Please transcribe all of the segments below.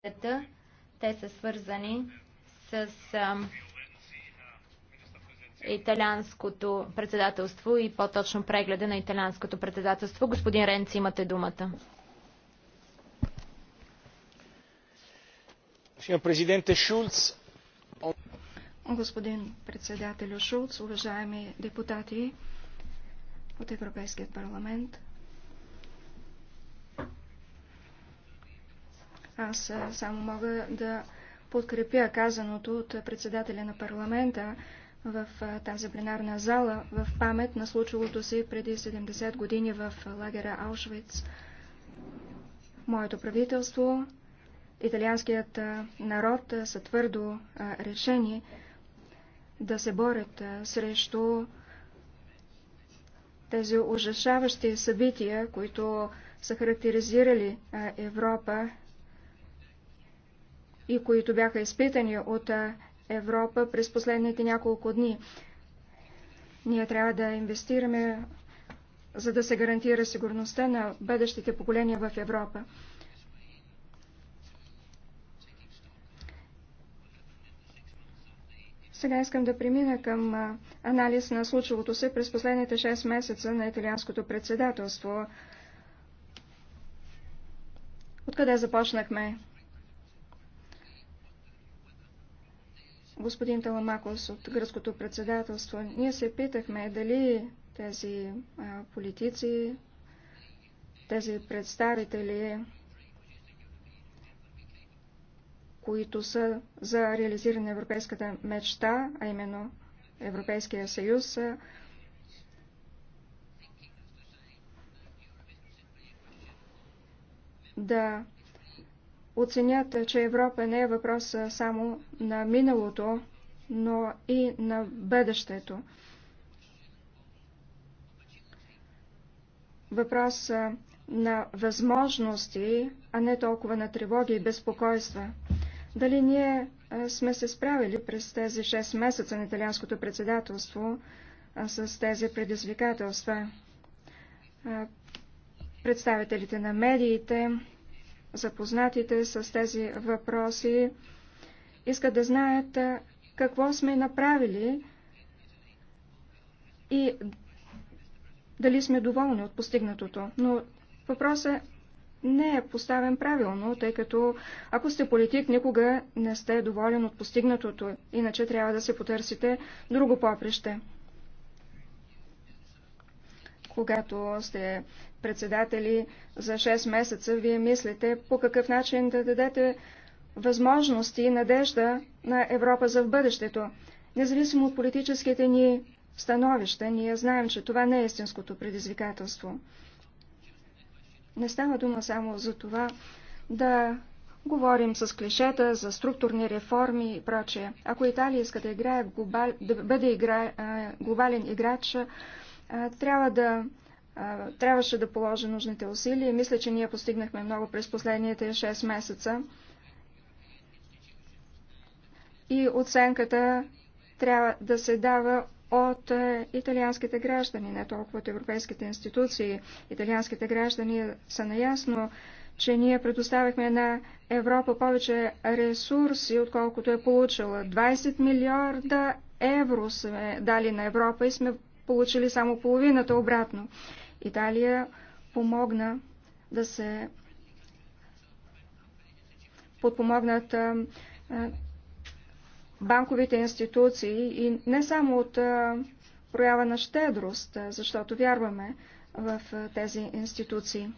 света. Те са свързани с а, италианското председателство и по-точно прегледа на италианското председателство. Господин Ренци, имате думата. Господин председател Шулц, уважаеми депутати от Европейския парламент, Аз само мога да подкрепя казаното от председателя на парламента в тази пленарна зала в памет на случилото се преди 70 години в лагера Аушвиц. Моето правителство, италианският народ са твърдо решени да се борят срещу тези ужасяващи събития, които са характеризирали Европа и които бяха изпитани от Европа през последните няколко дни. Ние трябва да инвестираме, за да се гарантира сигурността на бъдещите поколения в Европа. Сега искам да премина към анализ на случилото се през последните 6 месеца на италианското председателство. Откъде започнахме? господин Таламакос от гръцкото председателство. Ние се питахме дали тези а, политици, тези представители, които са за реализиране на европейската мечта, а именно Европейския съюз, да оценят, че Европа не е въпрос само на миналото, но и на бъдещето. Въпрос на възможности, а не толкова на тревоги и безпокойства. Дали ние сме се справили през тези 6 месеца на италианското председателство с тези предизвикателства? Представителите на медиите, запознатите с тези въпроси искат да знаят какво сме направили и дали сме доволни от постигнатото. Но въпросът не е поставен правилно, тъй като ако сте политик, никога не сте доволен от постигнатото, иначе трябва да се потърсите друго поприще. Когато сте председатели за 6 месеца, вие мислите по какъв начин да дадете възможности и надежда на Европа за в бъдещето. Независимо от политическите ни становища, ние знаем, че това не е истинското предизвикателство. Не става дума само за това да говорим с клишета за структурни реформи и прочее. Ако Италия иска да, играе глобал, да бъде игра, глобален играч, трябва да трябваше да положи нужните усилия мисля, че ние постигнахме много през последните 6 месеца. И оценката трябва да се дава от е, италианските граждани, не толкова от европейските институции. Италианските граждани са наясно, че ние предоставихме на Европа повече ресурси, отколкото е получила. 20 милиарда евро сме дали на Европа и сме получили само половината обратно. Италия помогна да се подпомогнат банковите институции и не само от проява на щедрост, защото вярваме в тези институции.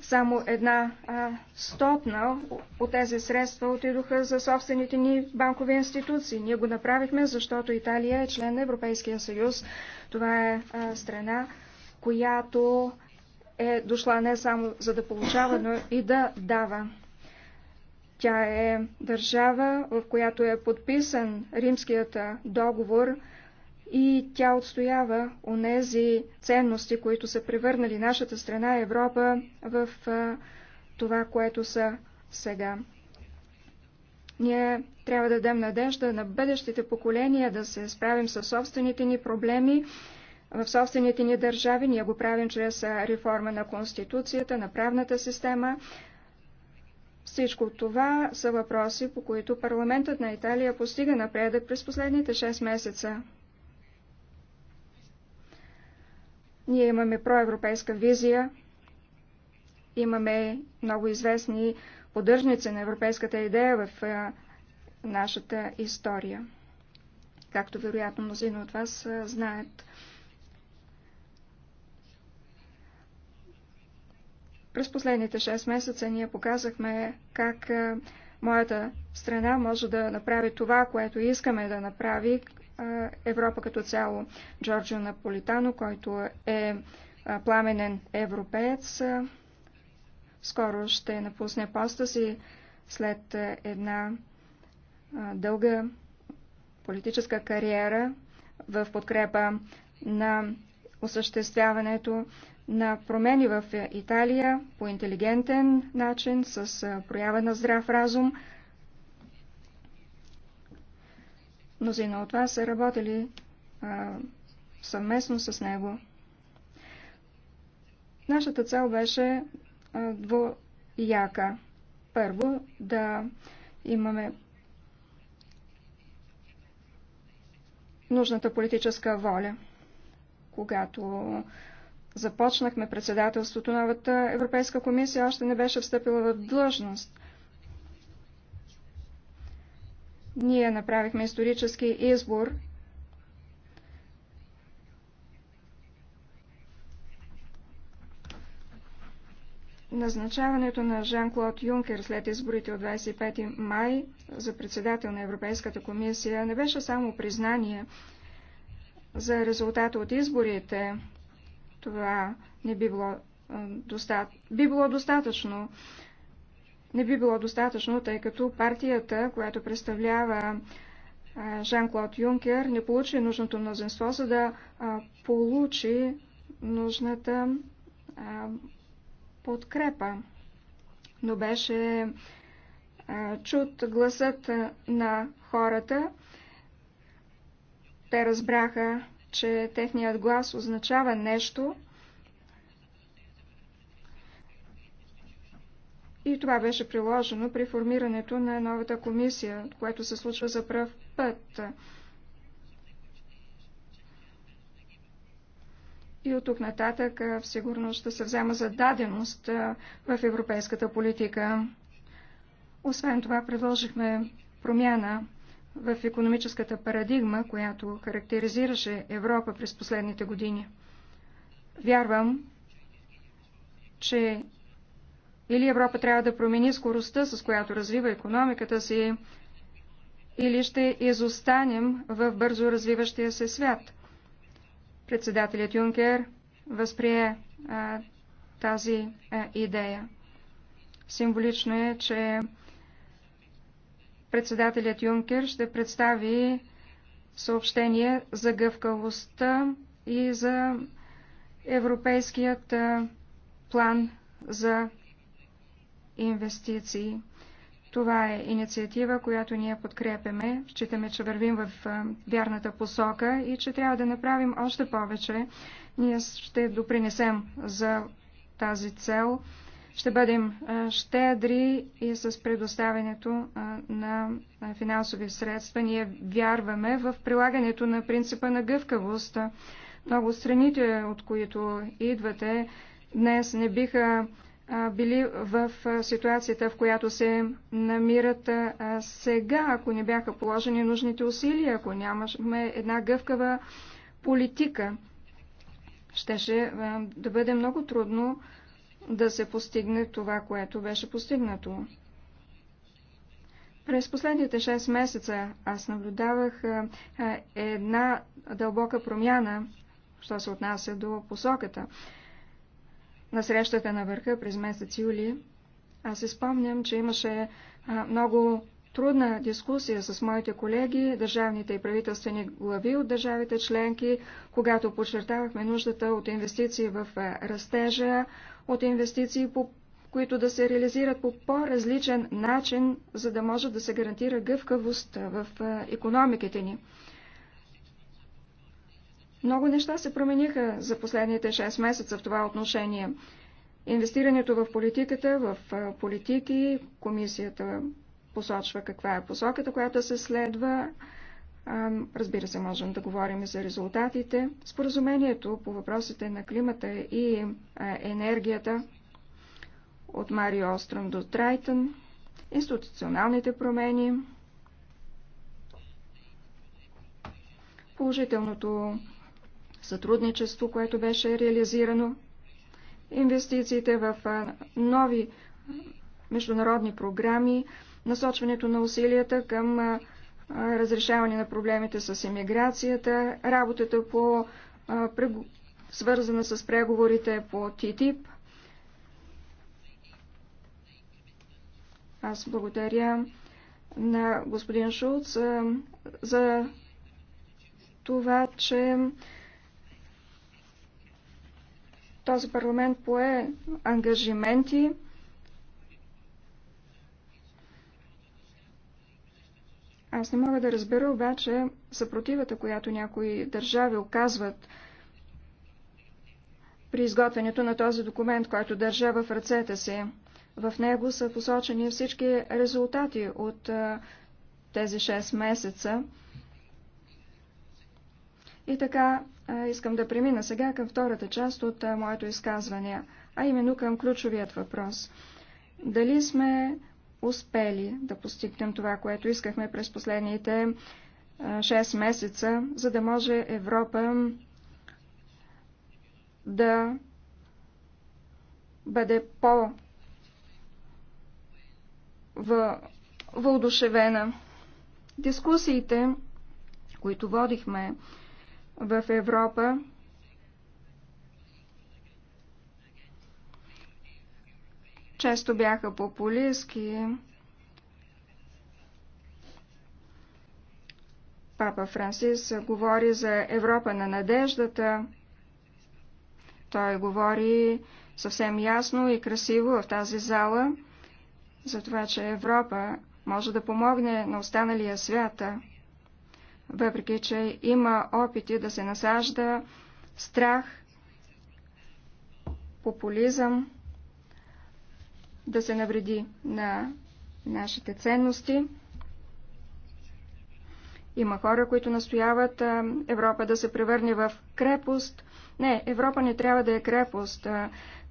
Само една а, стопна от тези средства отидоха за собствените ни банкови институции. Ние го направихме, защото Италия е член на Европейския съюз. Това е а, страна, която е дошла не само за да получава, но и да дава. Тя е държава, в която е подписан римският договор – и тя отстоява онези ценности, които са превърнали нашата страна Европа в това, което са сега. Ние трябва да дадем надежда на бъдещите поколения да се справим с собствените ни проблеми в собствените ни държави. Ние го правим чрез реформа на Конституцията, на правната система. Всичко това са въпроси, по които парламентът на Италия постига напредък през последните 6 месеца. Ние имаме проевропейска визия, имаме много известни поддържници на европейската идея в нашата история, както вероятно мнозина от вас знаят. През последните 6 месеца ние показахме как моята страна може да направи това, което искаме да направи Европа като цяло. Джорджо Наполитано, който е пламенен европеец, скоро ще напусне поста си след една дълга политическа кариера в подкрепа на осъществяването на промени в Италия по интелигентен начин, с проява на здрав разум, Мнозина от вас са работили а, съвместно с него. Нашата цел беше а, двояка. Първо, да имаме нужната политическа воля. Когато започнахме председателството, новата Европейска комисия още не беше встъпила в длъжност – Ние направихме исторически избор Назначаването на Жан-Клод Юнкер след изборите от 25 май за председател на Европейската комисия не беше само признание за резултата от изборите. Това не би било, доста... би било достатъчно, не би било достатъчно, тъй като партията, която представлява Жан-Клод Юнкер, не получи нужното мнозинство, за да получи нужната подкрепа. Но беше чут гласът на хората. Те разбраха, че техният глас означава нещо – това беше приложено при формирането на новата комисия, което се случва за пръв път. И от тук нататък сигурно ще се взема за даденост в европейската политика. Освен това, предложихме промяна в економическата парадигма, която характеризираше Европа през последните години. Вярвам, че или Европа трябва да промени скоростта, с която развива економиката си, или ще изостанем в бързо развиващия се свят. Председателят Юнкер възприе а, тази а, идея. Символично е, че председателят Юнкер ще представи съобщение за гъвкавостта и за европейският план за инвестиции. Това е инициатива, която ние подкрепяме. Считаме, че вървим в вярната посока и че трябва да направим още повече. Ние ще допринесем за тази цел. Ще бъдем щедри и с предоставянето на финансови средства. Ние вярваме в прилагането на принципа на гъвкавост. Много страните, от които идвате, днес не биха били в ситуацията, в която се намират сега, ако не бяха положени нужните усилия, ако нямаме една гъвкава политика. Щеше да бъде много трудно да се постигне това, което беше постигнато. През последните 6 месеца аз наблюдавах една дълбока промяна, що се отнася до посоката на срещата на върха през месец юли, аз се спомням, че имаше много трудна дискусия с моите колеги, държавните и правителствени глави от държавите членки, когато подчертавахме нуждата от инвестиции в растежа, от инвестиции, по, които да се реализират по по-различен начин, за да може да се гарантира гъвкавост в економиките ни. Много неща се промениха за последните 6 месеца в това отношение. Инвестирането в политиката, в политики, комисията посочва каква е посоката, която се следва. Разбира се, можем да говорим и за резултатите. Споразумението по въпросите на климата и енергията от Марио Остром до Трайтън, институционалните промени, положителното сътрудничество, което беше реализирано, инвестициите в нови международни програми, насочването на усилията към разрешаване на проблемите с иммиграцията, работата по свързана с преговорите по ТИТИП. Аз благодаря на господин Шулц за това, че този парламент пое ангажименти Аз не мога да разбера обаче съпротивата, която някои държави оказват при изготвянето на този документ, който държа в ръцете си. В него са посочени всички резултати от а, тези 6 месеца. И така искам да премина сега към втората част от моето изказване, а именно към ключовият въпрос. Дали сме успели да постигнем това, което искахме през последните 6 месеца, за да може Европа да бъде по въодушевена. Дискусиите, които водихме в Европа. Често бяха популистски. Папа Франсис говори за Европа на надеждата. Той говори съвсем ясно и красиво в тази зала за това, че Европа може да помогне на останалия свят въпреки че има опити да се насажда страх, популизъм, да се навреди на нашите ценности. Има хора, които настояват Европа да се превърне в крепост. Не, Европа не трябва да е крепост.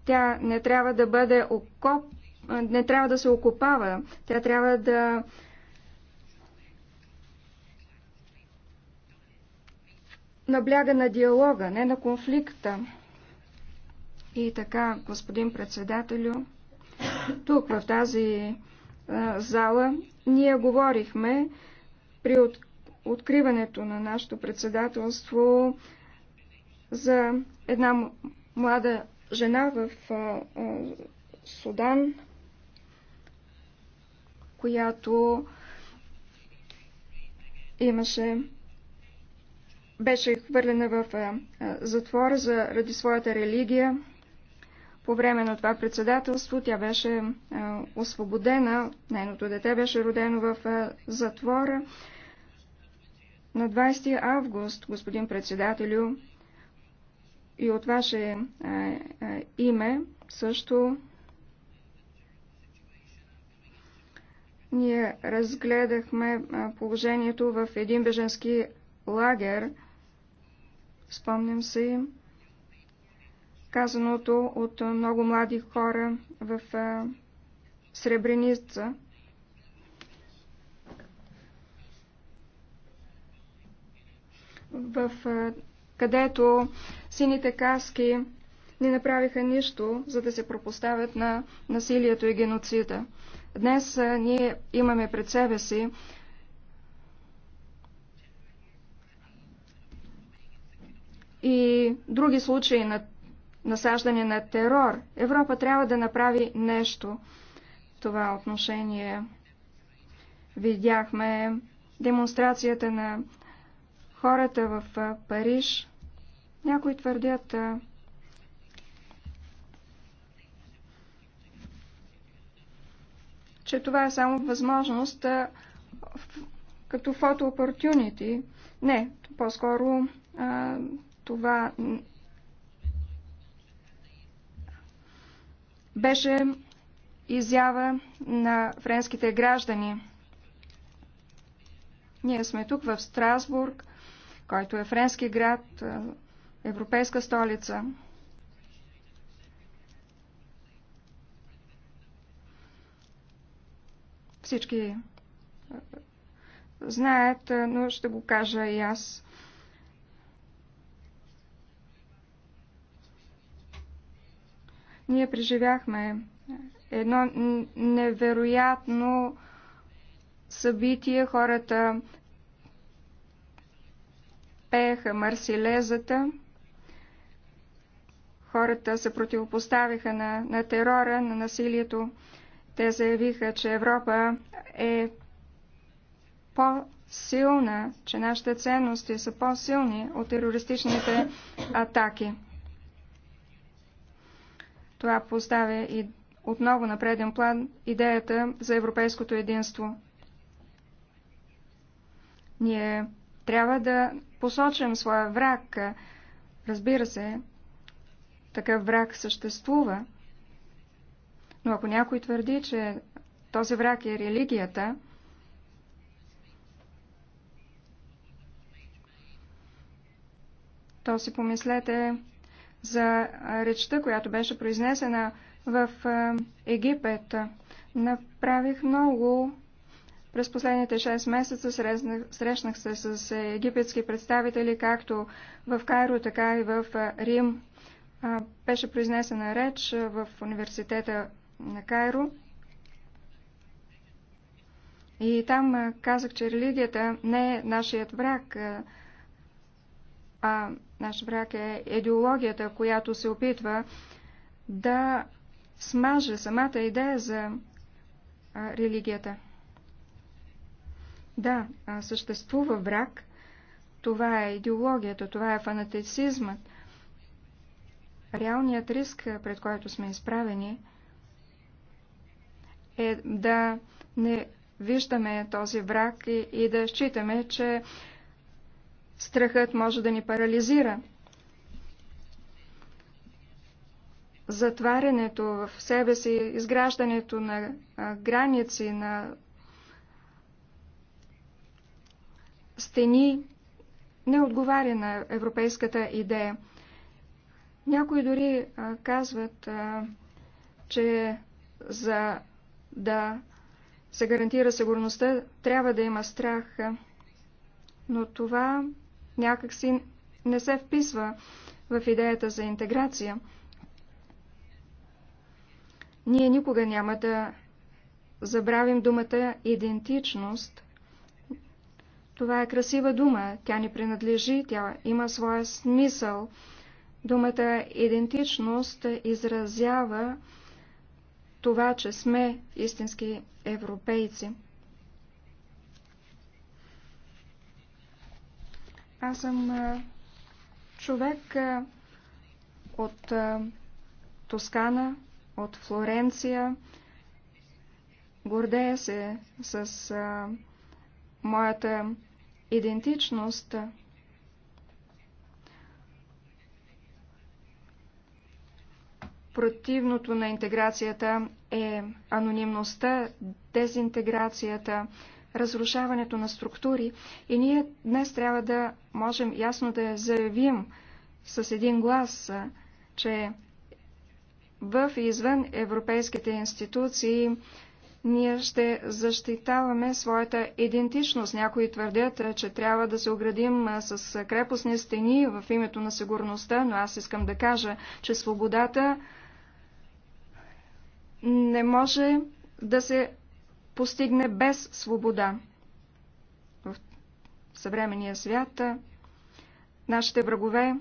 Тя не трябва да бъде окоп, не трябва да се окопава. Тя трябва да набляга на диалога, не на конфликта. И така, господин председателю, тук в тази а, зала ние говорихме при от, откриването на нашето председателство за една млада жена в а, а, Судан, която имаше беше хвърлена в затвора заради своята религия. По време на това председателство тя беше освободена, нейното дете беше родено в затвора. На 20 август, господин председателю, и от ваше име също ние разгледахме положението в един беженски лагер – Спомням се казаното от много млади хора в Сребреница. В, където сините каски не направиха нищо, за да се пропоставят на насилието и геноцида. Днес ние имаме пред себе си и други случаи на насаждане на терор. Европа трябва да направи нещо това отношение. Видяхме демонстрацията на хората в Париж. Някои твърдят, че това е само възможност като фото Не, по-скоро това беше изява на френските граждани. Ние сме тук в Страсбург, който е френски град, европейска столица. Всички знаят, но ще го кажа и аз. Ние преживяхме едно невероятно събитие. Хората пееха Марсилезата. Хората се противопоставиха на, на терора, на насилието. Те заявиха, че Европа е по-силна, че нашите ценности са по-силни от терористичните атаки. Това поставя и отново на преден план идеята за европейското единство. Ние трябва да посочим своя враг. Разбира се, такъв враг съществува. Но ако някой твърди, че този враг е религията, то си помислете за речта, която беше произнесена в Египет. Направих много през последните 6 месеца срещнах се с египетски представители, както в Кайро, така и в Рим. Беше произнесена реч в университета на Кайро. И там казах, че религията не е нашият враг, а Наш враг е идеологията, която се опитва да смаже самата идея за а, религията. Да, а, съществува враг. Това е идеологията, това е фанатицизмът. Реалният риск, пред който сме изправени, е да не виждаме този враг и, и да считаме, че Страхът може да ни парализира. Затварянето в себе си, изграждането на граници, на стени, не отговаря на европейската идея. Някои дори казват, че за да се гарантира сигурността, трябва да има страх. Но това някакси не се вписва в идеята за интеграция. Ние никога няма да забравим думата идентичност. Това е красива дума, тя ни принадлежи, тя има своя смисъл. Думата идентичност изразява това, че сме истински европейци. Аз съм човек от Тоскана, от Флоренция. Гордея се с моята идентичност. Противното на интеграцията е анонимността, дезинтеграцията, разрушаването на структури и ние днес трябва да можем ясно да заявим с един глас, че в и извън европейските институции ние ще защитаваме своята идентичност. Някои твърдят, че трябва да се оградим с крепостни стени в името на сигурността, но аз искам да кажа, че свободата не може да се постигне без свобода. В съвременния свят нашите врагове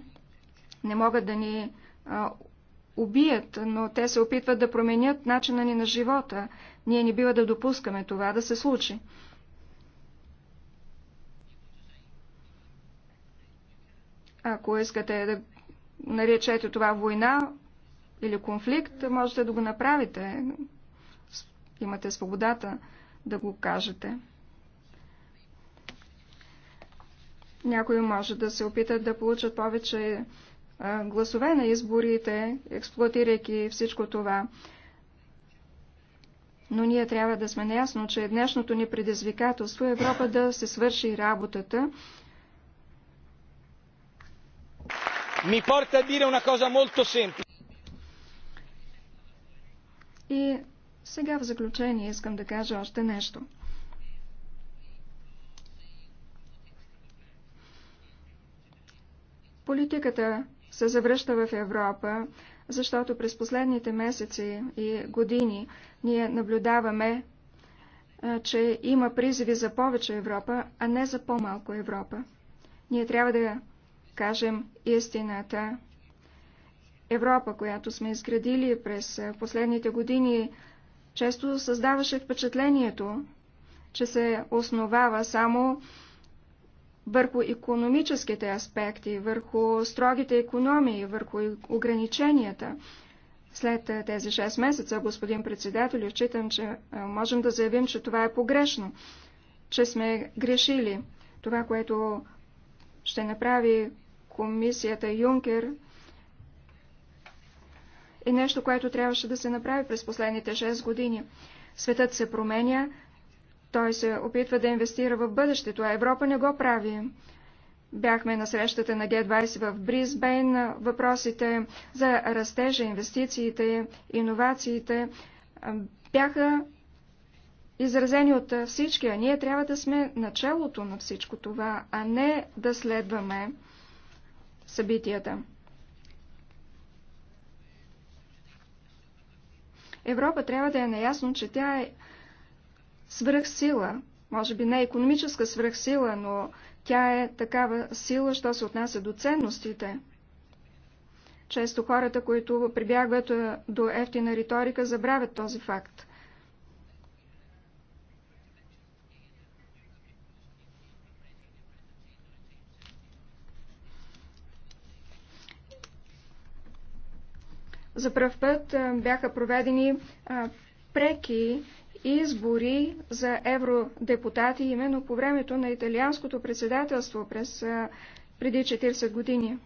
не могат да ни а, убият, но те се опитват да променят начина ни на живота. Ние не бива да допускаме това да се случи. Ако искате да наречете това война или конфликт, можете да го направите. Имате свободата да го кажете. Някои може да се опитат да получат повече гласове на изборите, експлуатирайки всичко това. Но ние трябва да сме наясно, че днешното ни предизвикателство е Европа да се свърши работата. Ми порта дире una cosa molto semplice. И сега в заключение искам да кажа още нещо. Политиката се завръща в Европа, защото през последните месеци и години ние наблюдаваме, че има призиви за повече Европа, а не за по-малко Европа. Ние трябва да кажем истината. Европа, която сме изградили през последните години, често създаваше впечатлението, че се основава само върху економическите аспекти, върху строгите економии, върху ограниченията. След тези 6 месеца, господин председател, считам, че можем да заявим, че това е погрешно, че сме грешили. Това, което ще направи комисията Юнкер, е нещо, което трябваше да се направи през последните 6 години. Светът се променя, той се опитва да инвестира в бъдещето, а Европа не го прави. Бяхме на срещата на Г-20 в Бризбейн. Въпросите за растежа, инвестициите, иновациите бяха изразени от всички, а ние трябва да сме началото на всичко това, а не да следваме събитията. Европа трябва да е наясно, че тя е свръхсила, може би не економическа свръхсила, но тя е такава сила, що се отнася до ценностите. Често хората, които прибягват до ефтина риторика, забравят този факт. За пръв път бяха проведени преки избори за евродепутати именно по времето на италианското председателство през преди 40 години.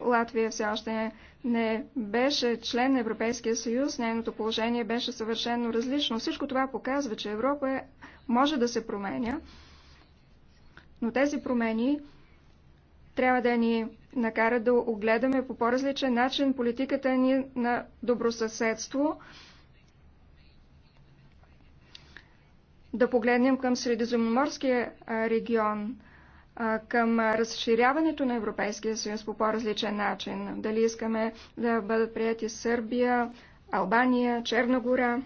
Латвия все още не беше член на Европейския съюз, нейното положение беше съвършено различно. Всичко това показва, че Европа е, може да се променя, но тези промени трябва да ни накара да огледаме по по-различен начин политиката ни на добросъседство, да погледнем към Средиземноморския регион, към разширяването на Европейския съюз по по-различен начин. Дали искаме да бъдат прияти Сърбия, Албания, Черна гора.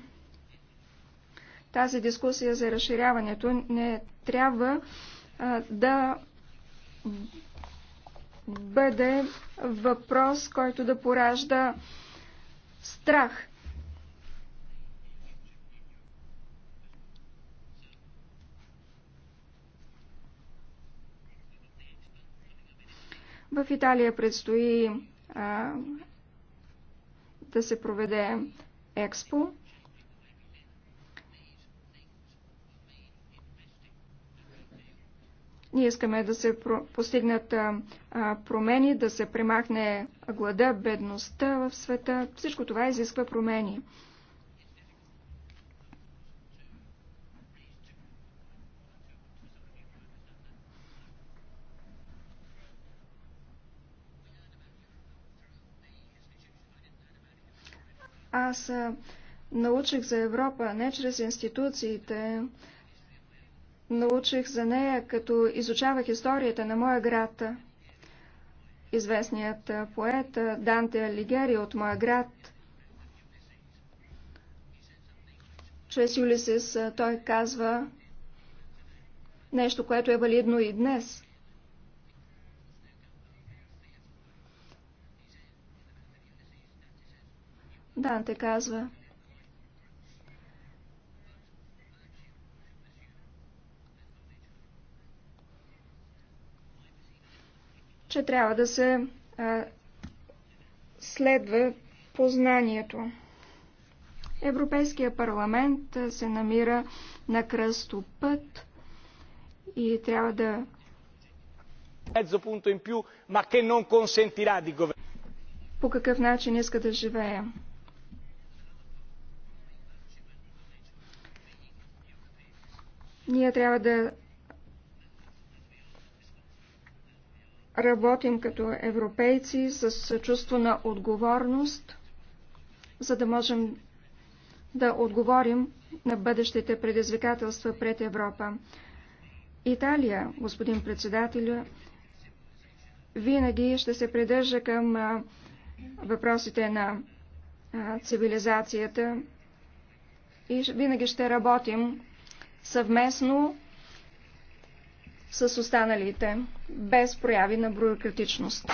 Тази дискусия за разширяването не трябва да бъде въпрос, който да поражда страх. В Италия предстои а, да се проведе експо. Ние искаме да се постигнат промени, да се примахне глада, бедността в света. Всичко това изисква промени. Аз научих за Европа не чрез институциите, научих за нея, като изучавах историята на моя град. Известният поет Данте Алигери от моя град. Чрез Юлисис той казва нещо, което е валидно и днес. Данте казва, че трябва да се а, следва познанието. Европейския парламент се намира на кръстопът и трябва да по какъв начин иска да живея. Ние трябва да работим като европейци с чувство на отговорност, за да можем да отговорим на бъдещите предизвикателства пред Европа. Италия, господин председателю, винаги ще се придържа към въпросите на цивилизацията и винаги ще работим съвместно с останалите, без прояви на бюрократичност.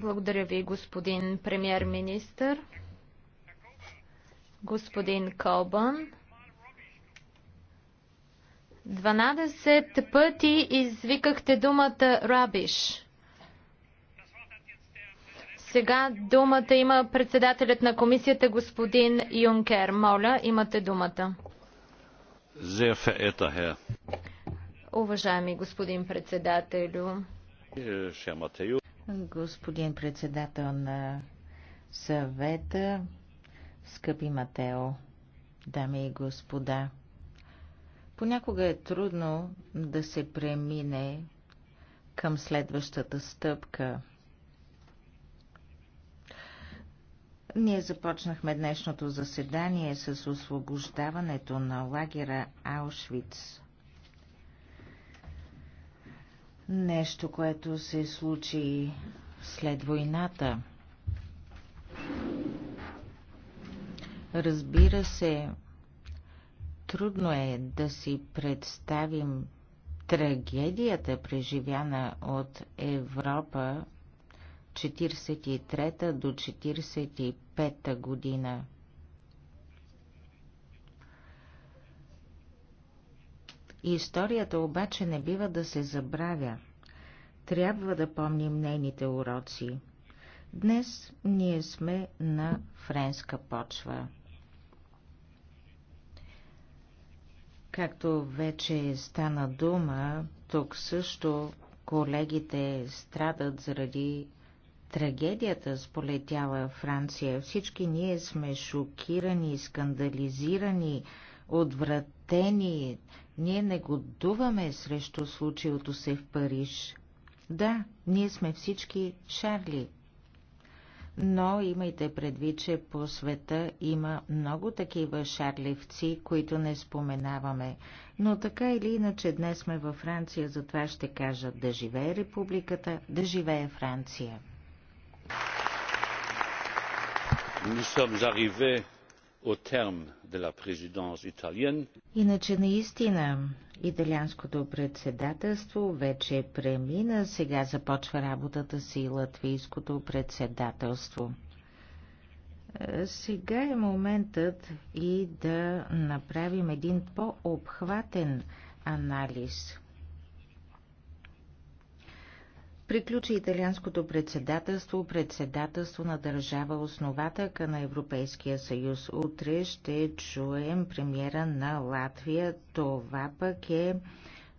Благодаря ви, господин премьер-министр. Господин Колбан. 12 пъти извикахте думата рабиш. Сега думата има председателят на комисията господин Юнкер. Моля, имате думата. Уважаеми господин председателю, Господин председател на съвета, скъпи Матео, дами и господа, понякога е трудно да се премине към следващата стъпка. Ние започнахме днешното заседание с освобождаването на лагера Аушвиц нещо, което се случи след войната. Разбира се, трудно е да си представим трагедията, преживяна от Европа 43 до 45 година – Историята обаче не бива да се забравя. Трябва да помним нейните уроци. Днес ние сме на френска почва. Както вече стана дума, тук също колегите страдат заради трагедията сполетяла Франция. Всички ние сме шокирани, скандализирани, отвратени. Ние не годуваме срещу случилото се в Париж. Да, ние сме всички Шарли. Но имайте предвид, че по света има много такива шарлевци, които не споменаваме. Но така или иначе днес сме във Франция, затова ще кажа да живее републиката, да живее Франция. Nous sommes arrivés Иначе наистина италианското председателство вече премина, сега започва работата си и латвийското председателство. Е, сега е моментът и да направим един по-обхватен анализ Приключи италианското председателство, председателство на държава основата на Европейския съюз. Утре ще чуем премиера на Латвия. Това пък е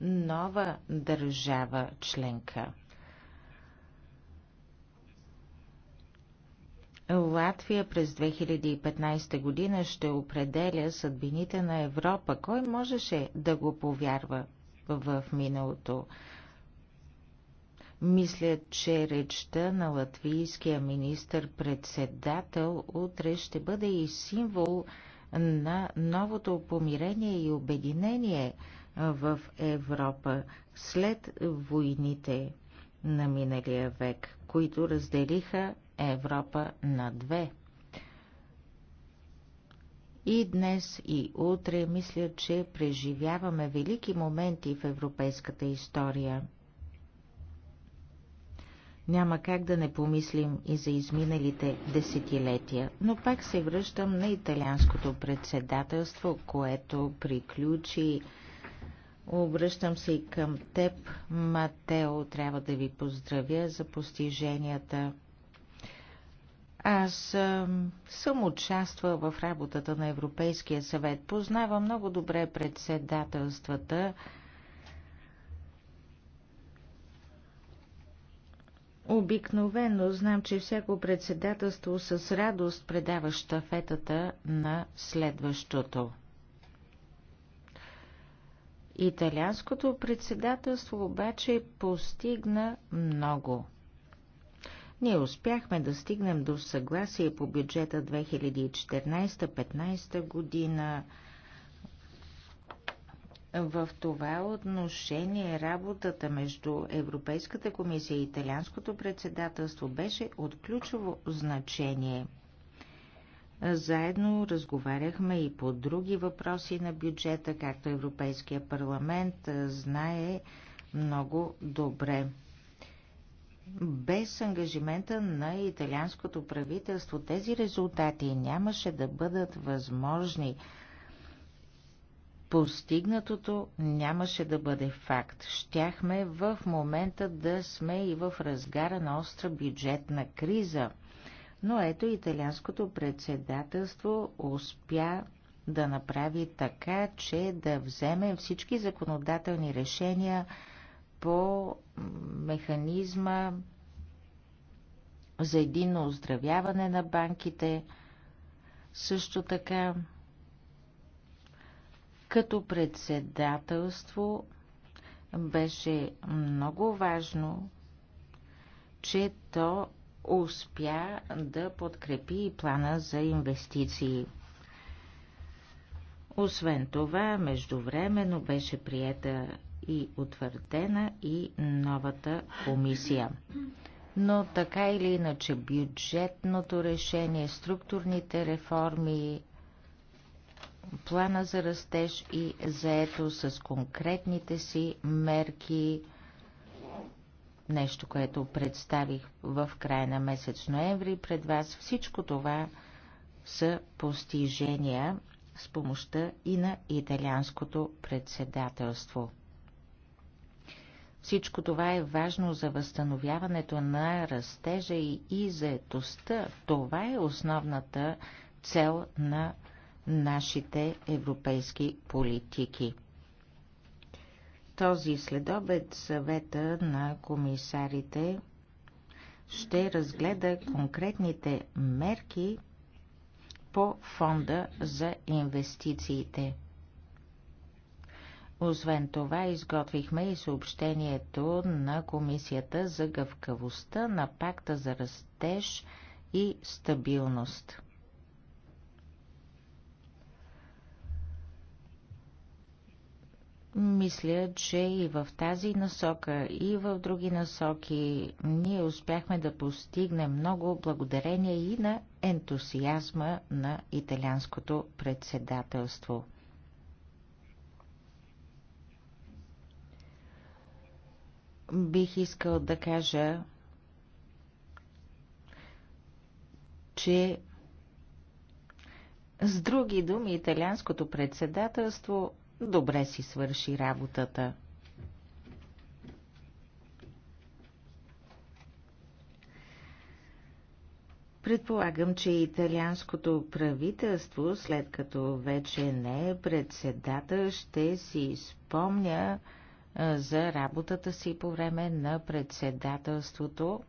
нова държава членка. Латвия през 2015 година ще определя съдбините на Европа. Кой можеше да го повярва в миналото? Мисля, че речта на латвийския министр-председател утре ще бъде и символ на новото помирение и обединение в Европа след войните на миналия век, които разделиха Европа на две. И днес и утре мисля, че преживяваме велики моменти в европейската история. Няма как да не помислим и за изминалите десетилетия, но пак се връщам на италианското председателство, което приключи. Обръщам се и към теб, Матео. Трябва да ви поздравя за постиженията. Аз съм участвал в работата на Европейския съвет. Познавам много добре председателствата Обикновено знам, че всяко председателство с радост предава штафетата на следващото. Италианското председателство обаче постигна много. Ние успяхме да стигнем до съгласие по бюджета 2014-15 година – в това отношение работата между Европейската комисия и Италианското председателство беше от ключово значение. Заедно разговаряхме и по други въпроси на бюджета, както Европейския парламент знае много добре. Без ангажимента на италианското правителство тези резултати нямаше да бъдат възможни постигнатото нямаше да бъде факт. Щяхме в момента да сме и в разгара на остра бюджетна криза. Но ето италианското председателство успя да направи така, че да вземе всички законодателни решения по механизма за единно оздравяване на банките. Също така като председателство беше много важно, че то успя да подкрепи и плана за инвестиции. Освен това, междувременно беше приета и утвърдена и новата комисия. Но така или иначе бюджетното решение, структурните реформи плана за растеж и заето с конкретните си мерки, нещо, което представих в края на месец ноември пред вас. Всичко това са постижения с помощта и на италианското председателство. Всичко това е важно за възстановяването на растежа и, заетостта. Това е основната цел на нашите европейски политики. Този следобед съвета на комисарите ще разгледа конкретните мерки по фонда за инвестициите. Освен това, изготвихме и съобщението на Комисията за гъвкавостта на Пакта за растеж и стабилност. Мисля, че и в тази насока, и в други насоки ние успяхме да постигнем много благодарение и на ентусиазма на италианското председателство. Бих искал да кажа, че с други думи, италианското председателство добре си свърши работата. Предполагам, че италианското правителство, след като вече не е председател, ще си спомня за работата си по време на председателството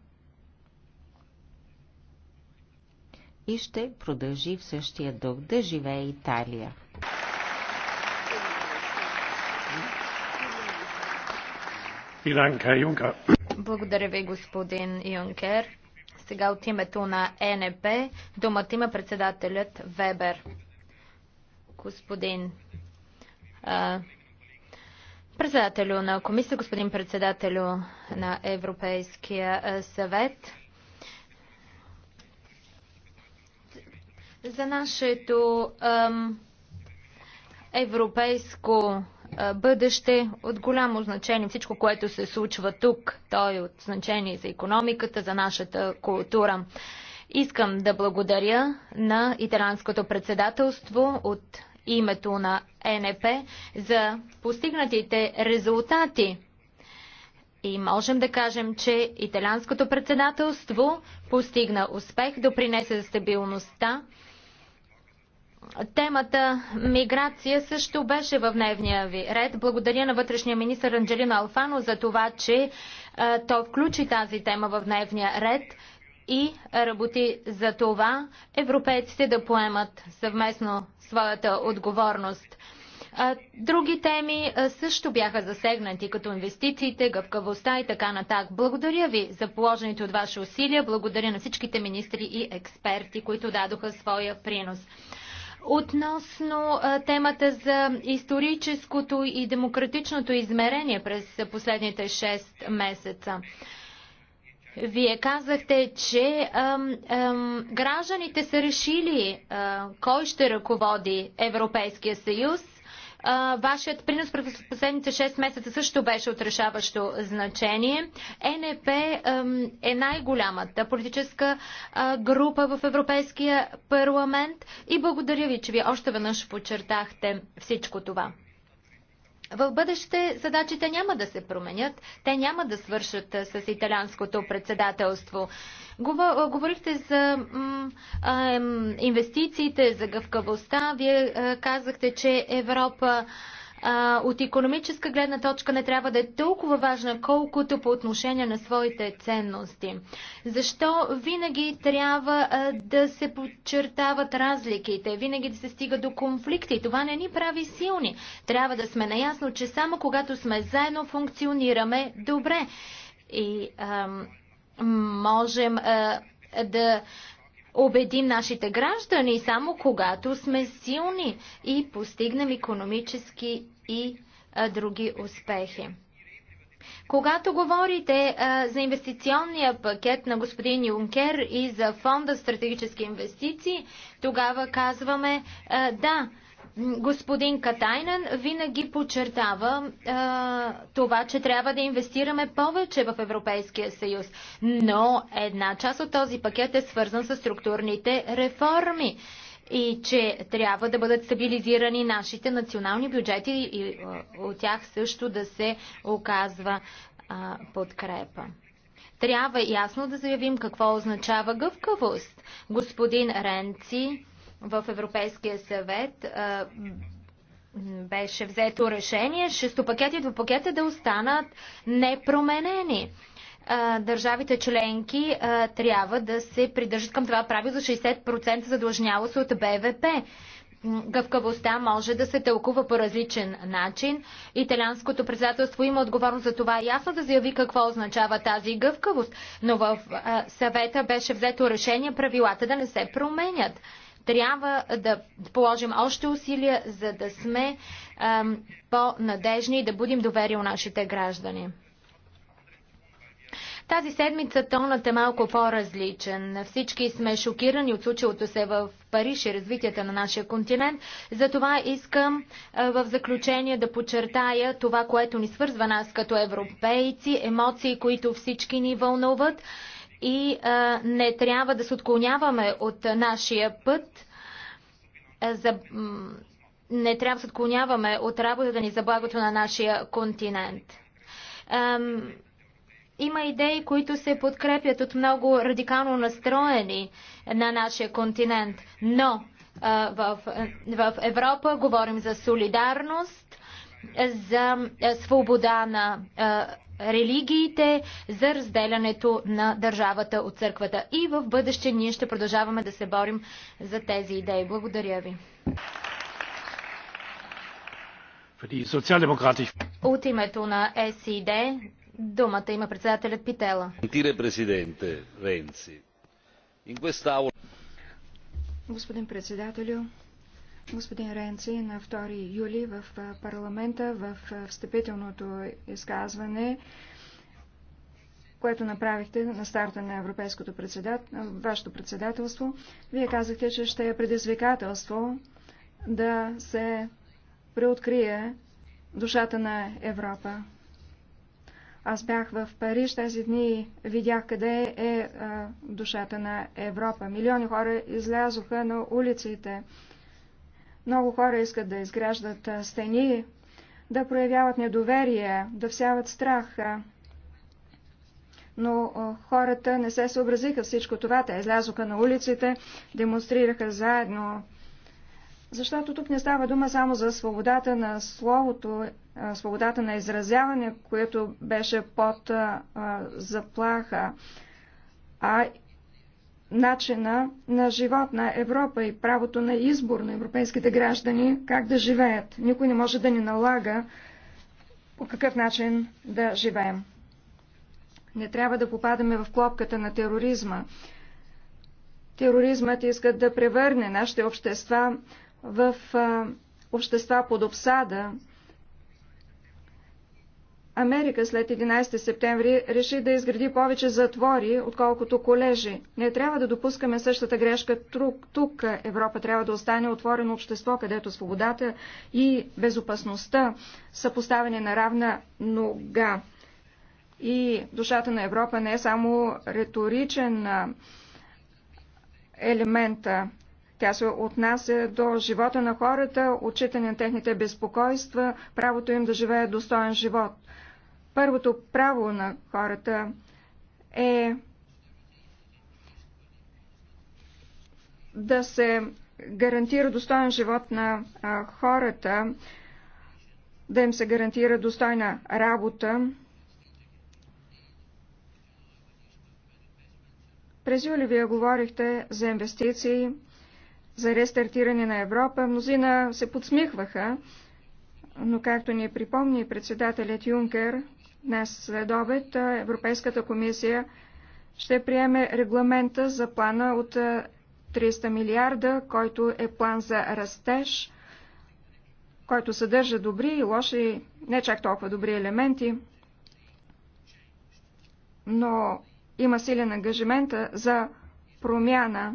и ще продължи в същия дух да живее Италия. Благодаря ви, господин Юнкер. Сега от името на ЕНП думата има председателят Вебер. Господин а, председателю на комисия, господин председателю на Европейския съвет. За нашето ам, европейско бъдеще от голямо значение. Всичко, което се случва тук, то е от значение за економиката, за нашата култура. Искам да благодаря на италянското председателство от името на ЕНП за постигнатите резултати. И можем да кажем, че италянското председателство постигна успех, допринесе за стабилността Темата миграция също беше в дневния ви ред. Благодаря на вътрешния министр Анджелина Алфано за това, че а, той включи тази тема в дневния ред и работи за това европейците да поемат съвместно своята отговорност. А, други теми а, също бяха засегнати, като инвестициите, гъвкавостта и така натак. Благодаря ви за положените от ваши усилия. Благодаря на всичките министри и експерти, които дадоха своя принос. Относно темата за историческото и демократичното измерение през последните 6 месеца. Вие казахте, че ам, ам, гражданите са решили а, кой ще ръководи Европейския съюз вашият принос през последните 6 месеца също беше от решаващо значение. ЕНП е най-голямата политическа група в Европейския парламент и благодаря ви, че ви още веднъж подчертахте всичко това. В бъдеще задачите няма да се променят, те няма да свършат с италианското председателство. Говорихте за инвестициите, за гъвкавостта. Вие казахте, че Европа от економическа гледна точка не трябва да е толкова важна, колкото по отношение на своите ценности. Защо винаги трябва да се подчертават разликите, винаги да се стига до конфликти? Това не ни прави силни. Трябва да сме наясно, че само когато сме заедно функционираме добре. И а, можем а, да убедим нашите граждани само когато сме силни и постигнем економически и а, други успехи. Когато говорите а, за инвестиционния пакет на господин Юнкер и за фонда стратегически инвестиции, тогава казваме а, да, господин Катайнен винаги подчертава а, това, че трябва да инвестираме повече в Европейския съюз. Но една част от този пакет е свързан с структурните реформи. А, и че трябва да бъдат стабилизирани нашите национални бюджети и от тях също да се оказва подкрепа. Трябва ясно да заявим какво означава гъвкавост. Господин Ренци в Европейския съвет беше взето решение шестопакет и пакета да останат непроменени държавите членки трябва да се придържат към това правило за 60% задлъжнялост от БВП. Гъвкавостта може да се тълкува по различен начин. Италианското председателство има отговорност за това ясно да заяви какво означава тази гъвкавост, но в съвета беше взето решение правилата да не се променят. Трябва да положим още усилия, за да сме по-надежни и да будим доверие у нашите граждани. Тази седмица тонът е малко по-различен. Всички сме шокирани от случилото се в Париж и развитията на нашия континент. Затова искам в заключение да подчертая това, което ни свързва нас като европейци, емоции, които всички ни вълнуват и не трябва да се отклоняваме от нашия път. за, не трябва да се отклоняваме от работата ни за благото на нашия континент. Има идеи, които се подкрепят от много радикално настроени на нашия континент, но в, в Европа говорим за солидарност, за свобода на религиите, за разделянето на държавата от църквата. И в бъдеще ние ще продължаваме да се борим за тези идеи. Благодаря ви. От името на СИД Думата има председателят Питела. президенте Ренци. Господин председателю, господин Ренци, на 2 юли в парламента, в встъпителното изказване, което направихте на старта на Европейското председател, вашето председателство, вие казахте, че ще е предизвикателство да се преоткрие душата на Европа. Аз бях в Париж тези дни, и видях къде е, е душата на Европа. Милиони хора излязоха на улиците. Много хора искат да изграждат стени, да проявяват недоверие, да всяват страх. Но хората не се съобразиха всичко това. Те излязоха на улиците, демонстрираха заедно. Защото тук не става дума само за свободата на словото, свободата на изразяване, което беше под заплаха, а начина на живот на Европа и правото на избор на европейските граждани как да живеят. Никой не може да ни налага по какъв начин да живеем. Не трябва да попадаме в клопката на тероризма. Тероризмът искат да превърне нашите общества в общества под обсада. Америка след 11 септември реши да изгради повече затвори, отколкото колежи. Не трябва да допускаме същата грешка тук. Европа трябва да остане отворено общество, където свободата и безопасността са поставени на равна нога. И душата на Европа не е само риторичен елемент. Тя се отнася до живота на хората, отчитане на техните безпокойства, правото им да живеят достоен живот. Първото право на хората е да се гарантира достоен живот на а, хората, да им се гарантира достойна работа. През юли вие говорихте за инвестиции, за рестартиране на Европа, мнозина се подсмихваха, но както ни припомни председателят Юнкер, днес след обед Европейската комисия ще приеме регламента за плана от 300 милиарда, който е план за растеж, който съдържа добри и лоши, не чак толкова добри елементи, но има силен ангажимент за промяна.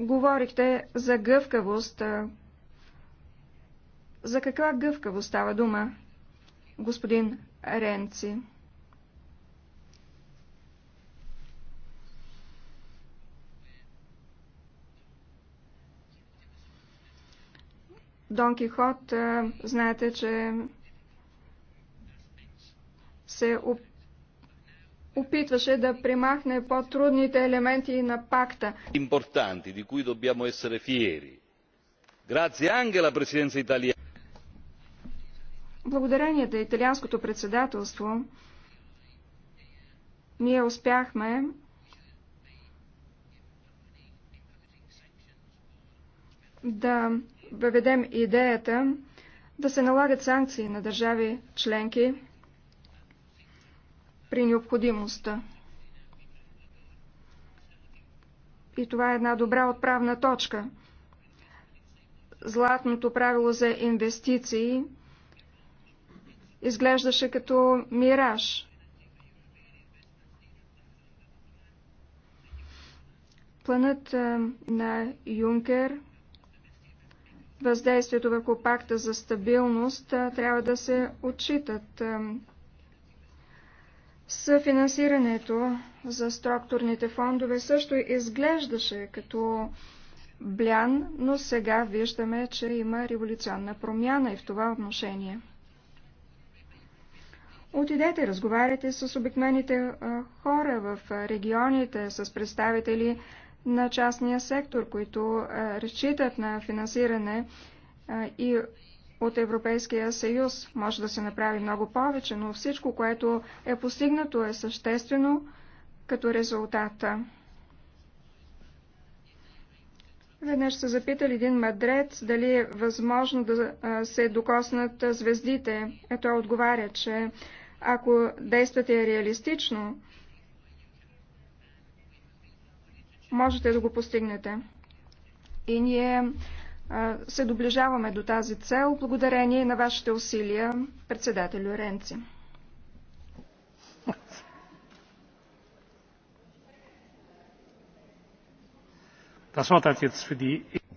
Говорихте за гъвкавост. За каква гъвкавост става дума, господин Ренци? Дон Кихот, знаете, че се опитваше да примахне по-трудните елементи на пакта. Importanti, di cui dobbiamo essere fieri. Grazie anche alla presidenza italiana. Благодарение на италианското председателство, ние успяхме да въведем идеята да се налагат санкции на държави членки, при необходимостта. И това е една добра отправна точка. Златното правило за инвестиции изглеждаше като мираж. Планът на Юнкер, въздействието върху пакта за стабилност трябва да се отчитат Съфинансирането за структурните фондове също изглеждаше като блян, но сега виждаме, че има революционна промяна и в това отношение. Отидете, разговаряйте с обикновените хора в регионите, с представители на частния сектор, които разчитат на финансиране и от Европейския съюз. Може да се направи много повече, но всичко, което е постигнато, е съществено като резултата. Веднъж са запитали един мадрец дали е възможно да се докоснат звездите. Е той отговаря, че ако действате реалистично, можете да го постигнете. И ние се доближаваме до тази цел, благодарение на вашите усилия, председателю Ренци.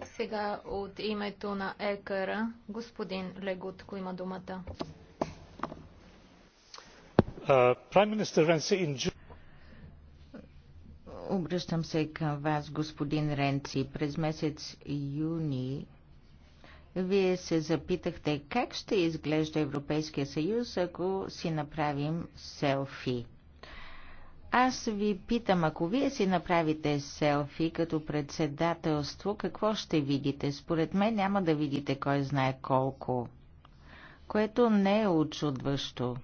Сега от името на ЕКР, господин Легут, кой има думата. Э, Обръщам се към вас, господин Ренци. През месец юни вие се запитахте как ще изглежда Европейския съюз, ако си направим селфи. Аз ви питам, ако вие си направите селфи като председателство, какво ще видите? Според мен няма да видите кой знае колко, което не е очудващо.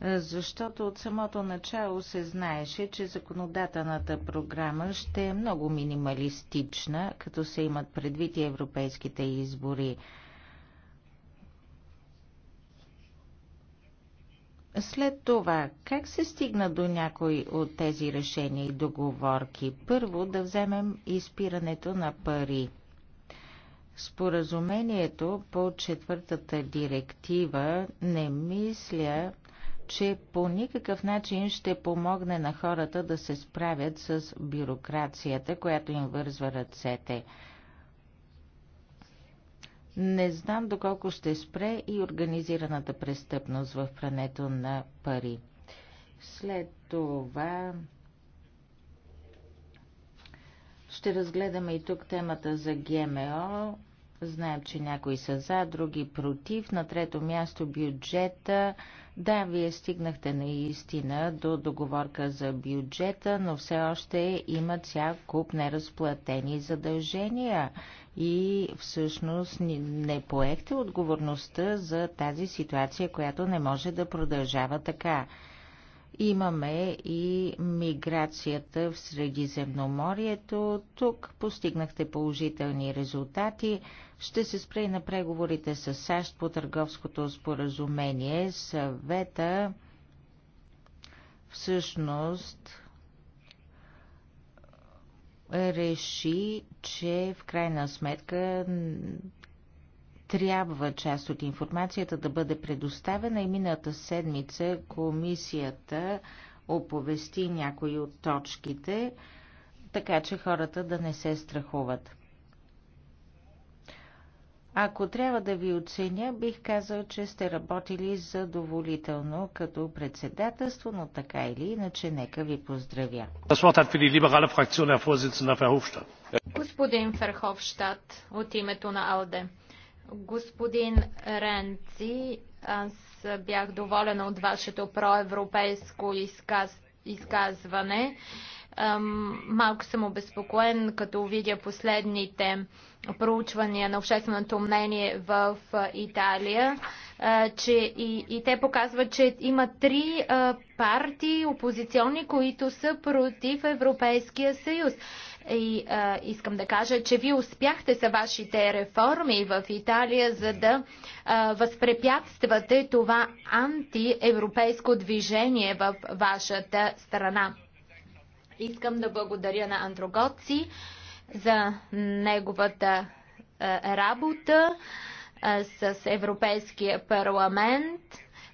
Е, защото от самото начало се знаеше, че законодателната програма ще е много минималистична, като се имат предвид и европейските избори. След това, как се стигна до някои от тези решения и договорки? Първо да вземем изпирането на пари. Споразумението по четвъртата директива не мисля, че по никакъв начин ще помогне на хората да се справят с бюрокрацията, която им вързва ръцете. Не знам доколко ще спре и организираната престъпност в прането на пари. След това ще разгледаме и тук темата за ГМО. Знаем, че някои са за, други против. На трето място бюджета да, вие стигнахте наистина до договорка за бюджета, но все още има ця куп неразплатени задължения и всъщност не поехте отговорността за тази ситуация, която не може да продължава така. Имаме и миграцията в Средиземноморието. Тук постигнахте положителни резултати. Ще се спре на преговорите с САЩ по търговското споразумение. Съвета всъщност реши, че в крайна сметка трябва част от информацията да бъде предоставена и мината седмица комисията оповести някои от точките, така че хората да не се страхуват. Ако трябва да ви оценя, бих казал, че сте работили задоволително като председателство, но така или иначе нека ви поздравя. Господин Ферховщад, от името на АЛДЕ. Господин Ренци, аз бях доволен от вашето проевропейско изказ... изказване. Малко съм обезпокоен, като видя последните проучвания на общественото мнение в Италия, че и, и те показват, че има три партии опозиционни, които са против Европейския съюз. И а, искам да кажа, че вие успяхте са вашите реформи в Италия, за да а, възпрепятствате това антиевропейско движение в вашата страна. Искам да благодаря на Андрогоци за неговата а, работа а, с Европейския парламент.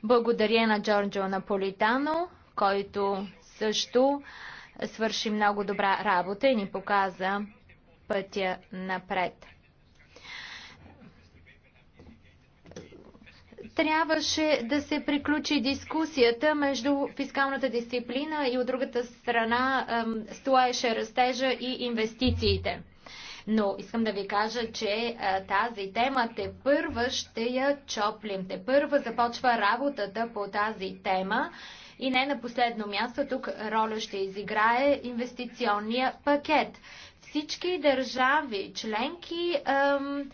Благодаря на Джорджо Наполитано, който също свърши много добра работа и ни показа пътя напред. трябваше да се приключи дискусията между фискалната дисциплина и от другата страна стоеше растежа и инвестициите. Но искам да ви кажа, че тази тема те първа ще я чоплим. Те първа започва работата по тази тема и не на последно място тук роля ще изиграе инвестиционния пакет. Всички държави, членки, ем,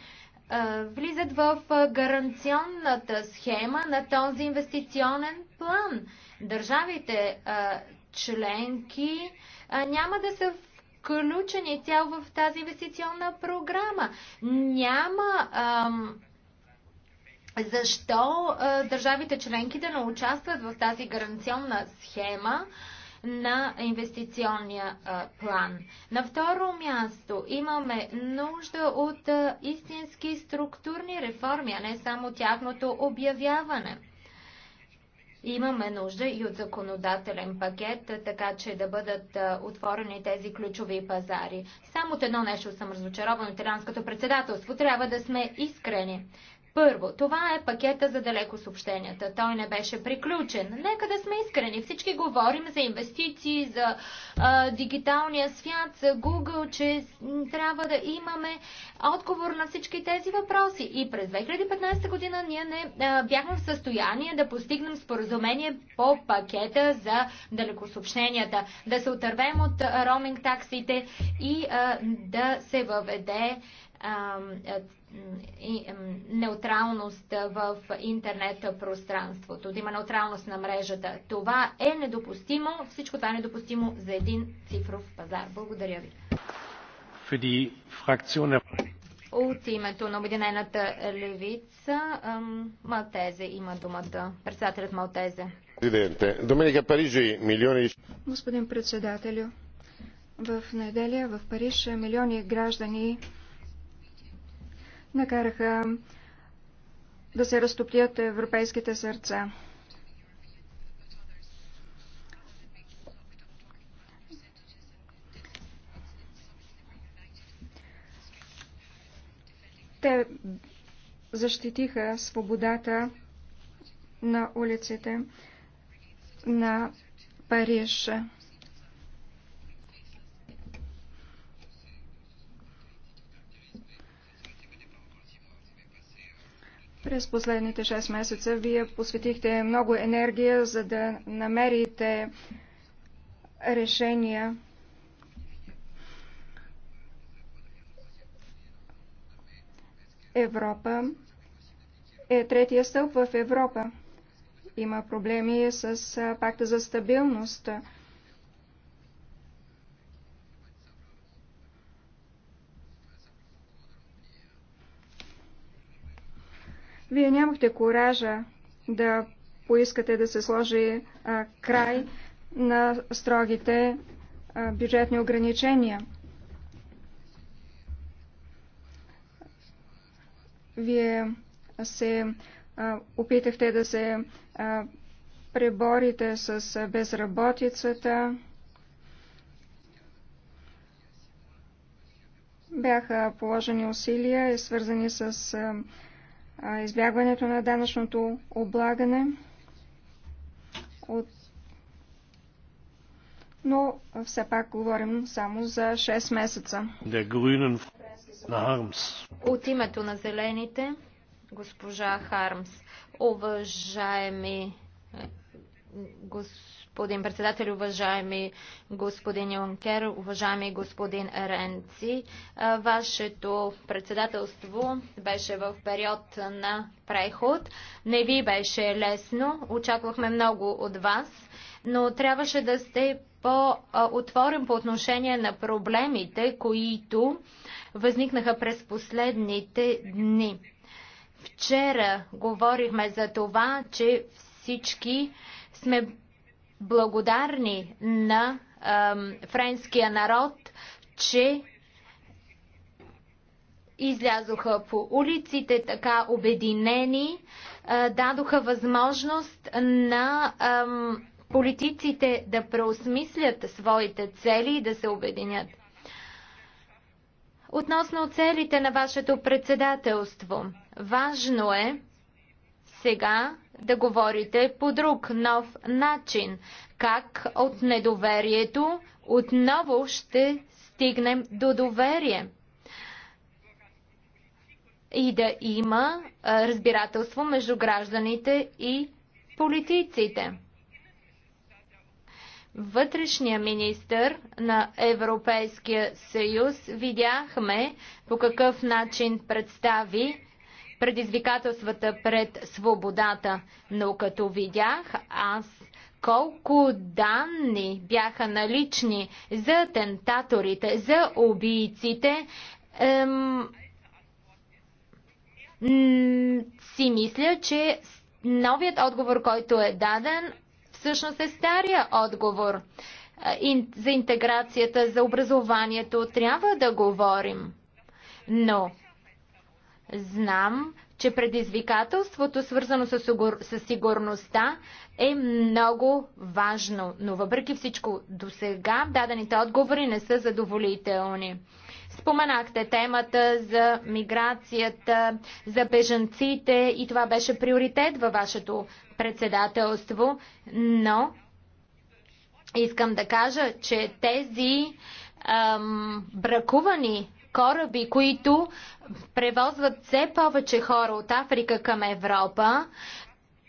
влизат в гаранционната схема на този инвестиционен план. Държавите членки няма да са включени цял в тази инвестиционна програма. Няма защо а, е, държавите членки да не участват в тази гаранционна схема на инвестиционния а, е, план. На второ място имаме нужда от а, е, истински структурни реформи, а не само тяхното обявяване. Имаме нужда и от законодателен пакет, така че да бъдат отворени тези ключови пазари. Само от едно нещо съм разочарован от председателство. Трябва да сме искрени. Първо, това е пакета за далеко съобщенията. Той не беше приключен. Нека да сме искрени. Всички говорим за инвестиции, за а, дигиталния свят, за Google, че трябва да имаме отговор на всички тези въпроси. И през 2015 година ние не а, бяхме в състояние да постигнем споразумение по пакета за съобщенията, да се отървем от а, таксите и а, да се въведе е, неутралност в интернет пространството, да има неутралност на мрежата. Това е недопустимо, всичко това е недопустимо за един цифров пазар. Благодаря ви. От името на Обединената левица Малтезе има думата. Председателят Малтезе. Господин председателю, в неделя в Париж милиони граждани накараха да се разтоплят европейските сърца. Те защитиха свободата на улиците на Париж. През последните 6 месеца вие посветихте много енергия, за да намерите решения. Европа е третия стълб в Европа. Има проблеми с пакта за стабилност. Вие нямахте коража да поискате да се сложи а, край на строгите а, бюджетни ограничения. Вие се а, опитахте да се а, преборите с безработицата. Бяха положени усилия, свързани с а, избягването на данъчното облагане. От... Но все пак говорим само за 6 месеца. От името на зелените, госпожа Хармс, уважаеми е, господин господин председател, уважаеми господин Юнкер, уважаеми господин Ренци. Вашето председателство беше в период на преход. Не ви беше лесно. Очаквахме много от вас, но трябваше да сте по-отворен по отношение на проблемите, които възникнаха през последните дни. Вчера говорихме за това, че всички сме благодарни на е, френския народ, че излязоха по улиците така обединени, е, дадоха възможност на е, политиците да преосмислят своите цели и да се обединят. Относно целите на вашето председателство, важно е сега да говорите по друг нов начин. Как от недоверието отново ще стигнем до доверие? И да има разбирателство между гражданите и политиците. Вътрешния министр на Европейския съюз видяхме по какъв начин представи предизвикателствата пред свободата. Но като видях аз колко данни бяха налични за тентаторите, за убийците, ем, си мисля, че новият отговор, който е даден, всъщност е стария отговор. Е, за интеграцията, за образованието трябва да говорим. Но Знам, че предизвикателството, свързано с, сигурността, е много важно, но въпреки всичко до сега дадените отговори не са задоволителни. Споменахте темата за миграцията, за бежанците и това беше приоритет във вашето председателство, но искам да кажа, че тези ам, бракувани кораби, които превозват все повече хора от Африка към Европа.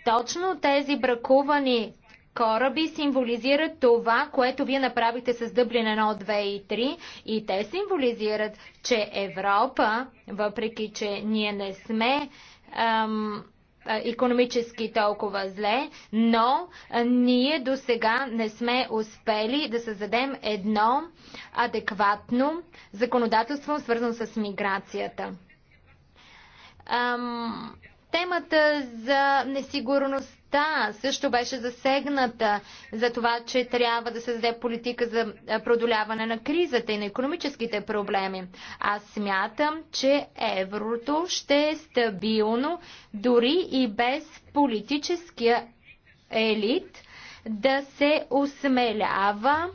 Точно тези бракувани кораби символизират това, което вие направите с Дъблин 1, 2 и 3 и те символизират, че Европа, въпреки че ние не сме ам, економически толкова зле, но ние до сега не сме успели да създадем едно адекватно законодателство, свързано с миграцията. Ам темата за несигурността също беше засегната за това, че трябва да създаде политика за продоляване на кризата и на економическите проблеми. Аз смятам, че еврото ще е стабилно дори и без политическия елит да се осмелява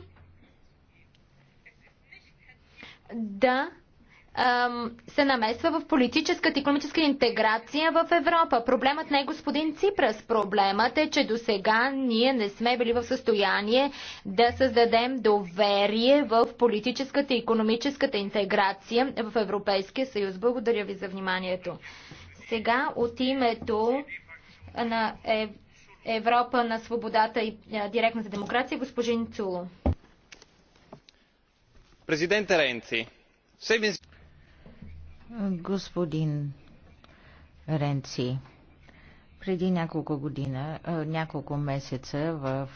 да се намесва в политическата и економическа интеграция в Европа. Проблемът не е господин Ципрас. Проблемът е, че до сега ние не сме били в състояние да създадем доверие в политическата и економическата интеграция в Европейския съюз. Благодаря ви за вниманието. Сега от името на е, Европа на свободата и директната демокрация, господин Цуло. Президенте Ренци, 7 Господин Ренци, преди няколко година, няколко месеца в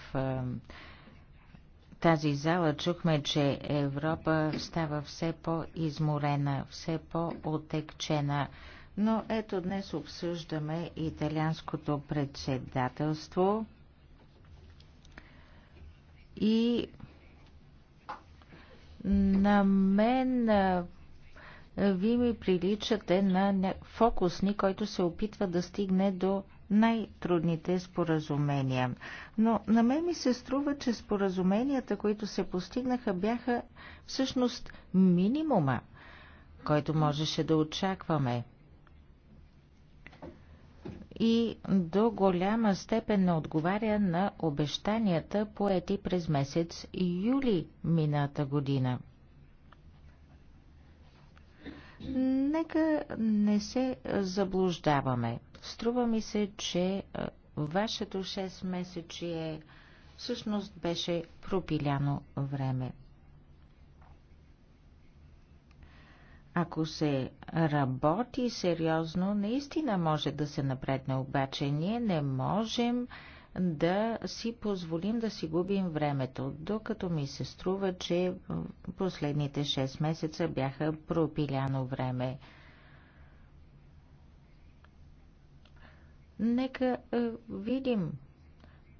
тази зала чухме, че Европа става все по-изморена, все по-отекчена. Но ето днес обсъждаме италианското председателство и на мен ви ми приличате на фокусни, който се опитва да стигне до най-трудните споразумения. Но на мен ми се струва, че споразуменията, които се постигнаха, бяха всъщност минимума, който можеше да очакваме. И до голяма степен не отговаря на обещанията, поети през месец юли мината година. Нека не се заблуждаваме. Струва ми се, че вашето 6 месечие всъщност беше пропиляно време. Ако се работи сериозно, наистина може да се напредне, обаче ние не можем да си позволим да си губим времето, докато ми се струва, че последните 6 месеца бяха пропиляно време. Нека е, видим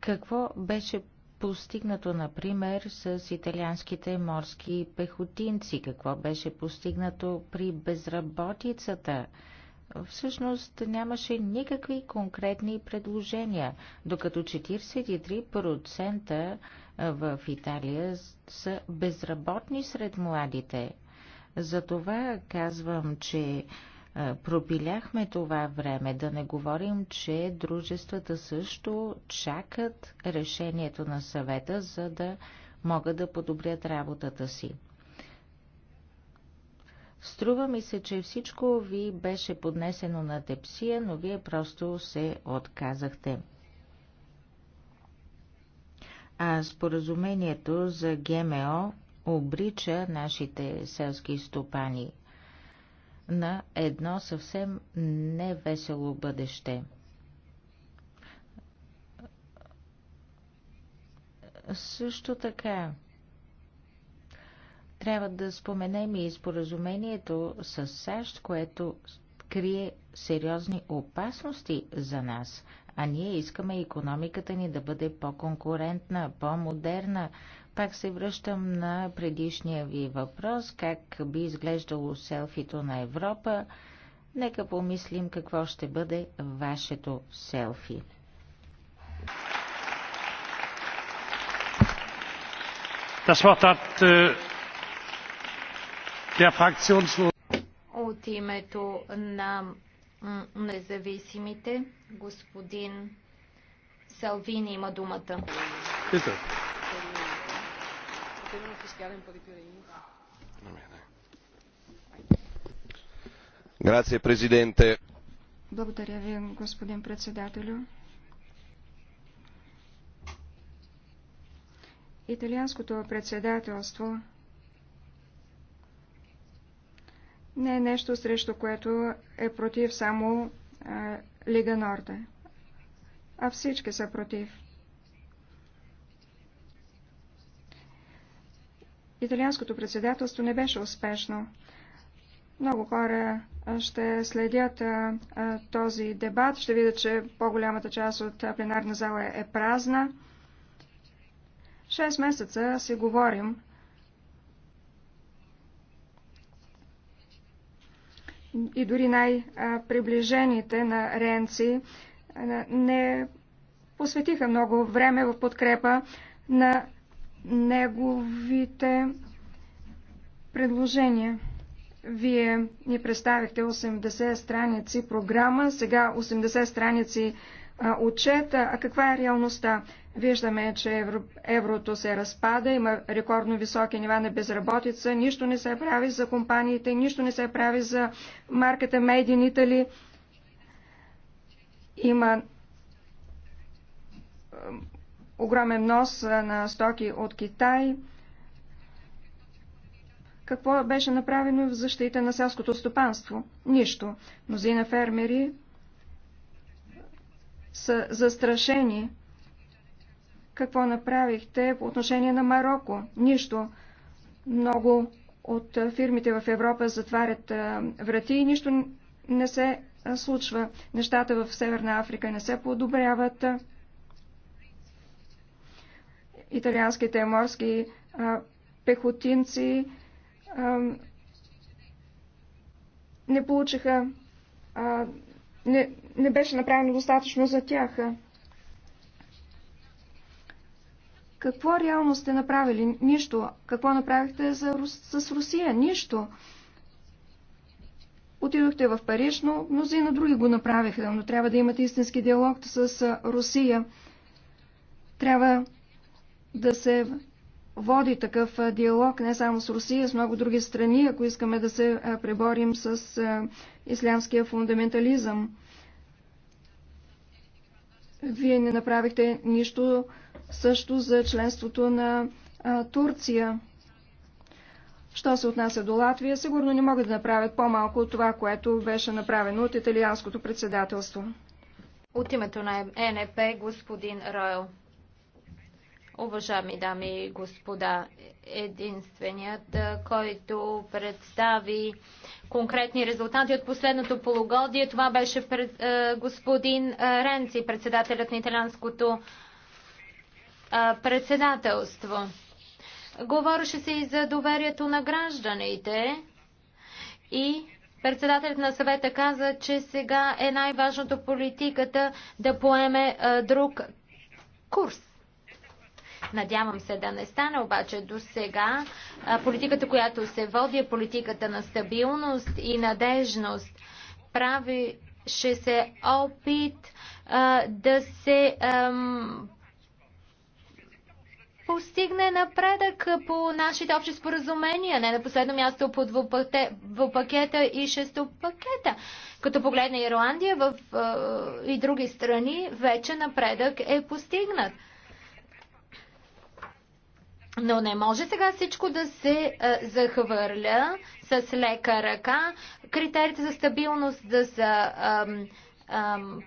какво беше постигнато, например, с италианските морски пехотинци, какво беше постигнато при безработицата – всъщност нямаше никакви конкретни предложения, докато 43% в Италия са безработни сред младите. Затова казвам, че пропиляхме това време, да не говорим, че дружествата също чакат решението на съвета, за да могат да подобрят работата си. Струва ми се, че всичко ви беше поднесено на тепсия, но вие просто се отказахте. А споразумението за ГМО обрича нашите селски стопани на едно съвсем невесело бъдеще. Също така, трябва да споменем и споразумението с САЩ, което крие сериозни опасности за нас, а ние искаме економиката ни да бъде по-конкурентна, по-модерна. Пак се връщам на предишния ви въпрос, как би изглеждало селфито на Европа. Нека помислим какво ще бъде вашето селфи. Das Wort hat äh, от името на независимите, господин Салвини има думата. Благодаря ви, господин председателю. Италианското председателство не е нещо срещу което е против само а, Лига Норда, а всички са против. Италианското председателство не беше успешно. Много хора ще следят а, а, този дебат, ще видят, че по-голямата част от пленарна зала е празна. Шест месеца си говорим и дори най-приближените на Ренци не посветиха много време в подкрепа на неговите предложения. Вие ни представихте 80 страници програма, сега 80 страници отчет, а каква е реалността? Виждаме, че евро, еврото се разпада, има рекордно високи нива на безработица, нищо не се прави за компаниите, нищо не се прави за марката Made in Italy. Има огромен нос на стоки от Китай. Какво беше направено в защита на селското стопанство? Нищо. Мнозина фермери са застрашени. Какво направихте по отношение на Марокко? Нищо. Много от фирмите в Европа затварят врати и нищо не се случва. Нещата в Северна Африка не се подобряват. Италианските морски пехотинци не получиха не, не беше направено достатъчно за тях. Какво реално сте направили? Нищо. Какво направихте за, с Русия? Нищо. Отидохте в Париж, но мнозина други го направиха, но трябва да имате истински диалог с Русия. Трябва да се води такъв диалог не само с Русия, с много други страни, ако искаме да се преборим с ислямския фундаментализъм. Вие не направихте нищо също за членството на Турция. Що се отнася до Латвия, сигурно не могат да направят по-малко от това, което беше направено от италианското председателство. От името на ЕНП господин Ройл. Уважаеми дами и господа, единственият, който представи конкретни резултати от последното полугодие, това беше пред, е, господин Ренци, председателят на италянското е, председателство. Говореше се и за доверието на гражданите и Председателят на съвета каза, че сега е най-важното политиката да поеме друг курс. Надявам се да не стане, обаче до сега политиката, която се води е политиката на стабилност и надежност. Правише се опит а, да се ам, постигне напредък по нашите общи споразумения, не на последно място по двупакета и шестопакета. Като погледна Ирландия в, а, и други страни, вече напредък е постигнат. Но не може сега всичко да се а, е, захвърля с лека ръка. Критериите за стабилност да са ам, ам,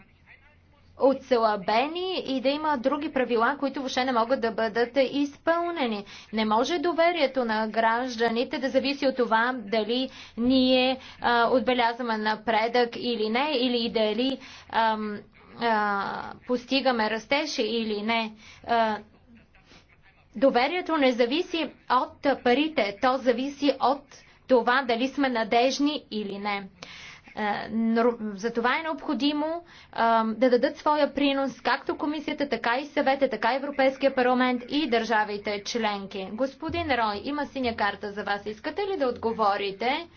отслабени и да има други правила, които въобще не могат да бъдат изпълнени. Не може доверието на гражданите да зависи от това дали ние а, отбелязваме напредък или не, или дали ам, а, постигаме растеж или не. А, Доверието не зависи от парите, то зависи от това дали сме надежни или не. Е, за това е необходимо е, да дадат своя принос както комисията, така и съвета, така и Европейския парламент и държавите членки. Господин Рой, има синя карта за вас. Искате ли да отговорите?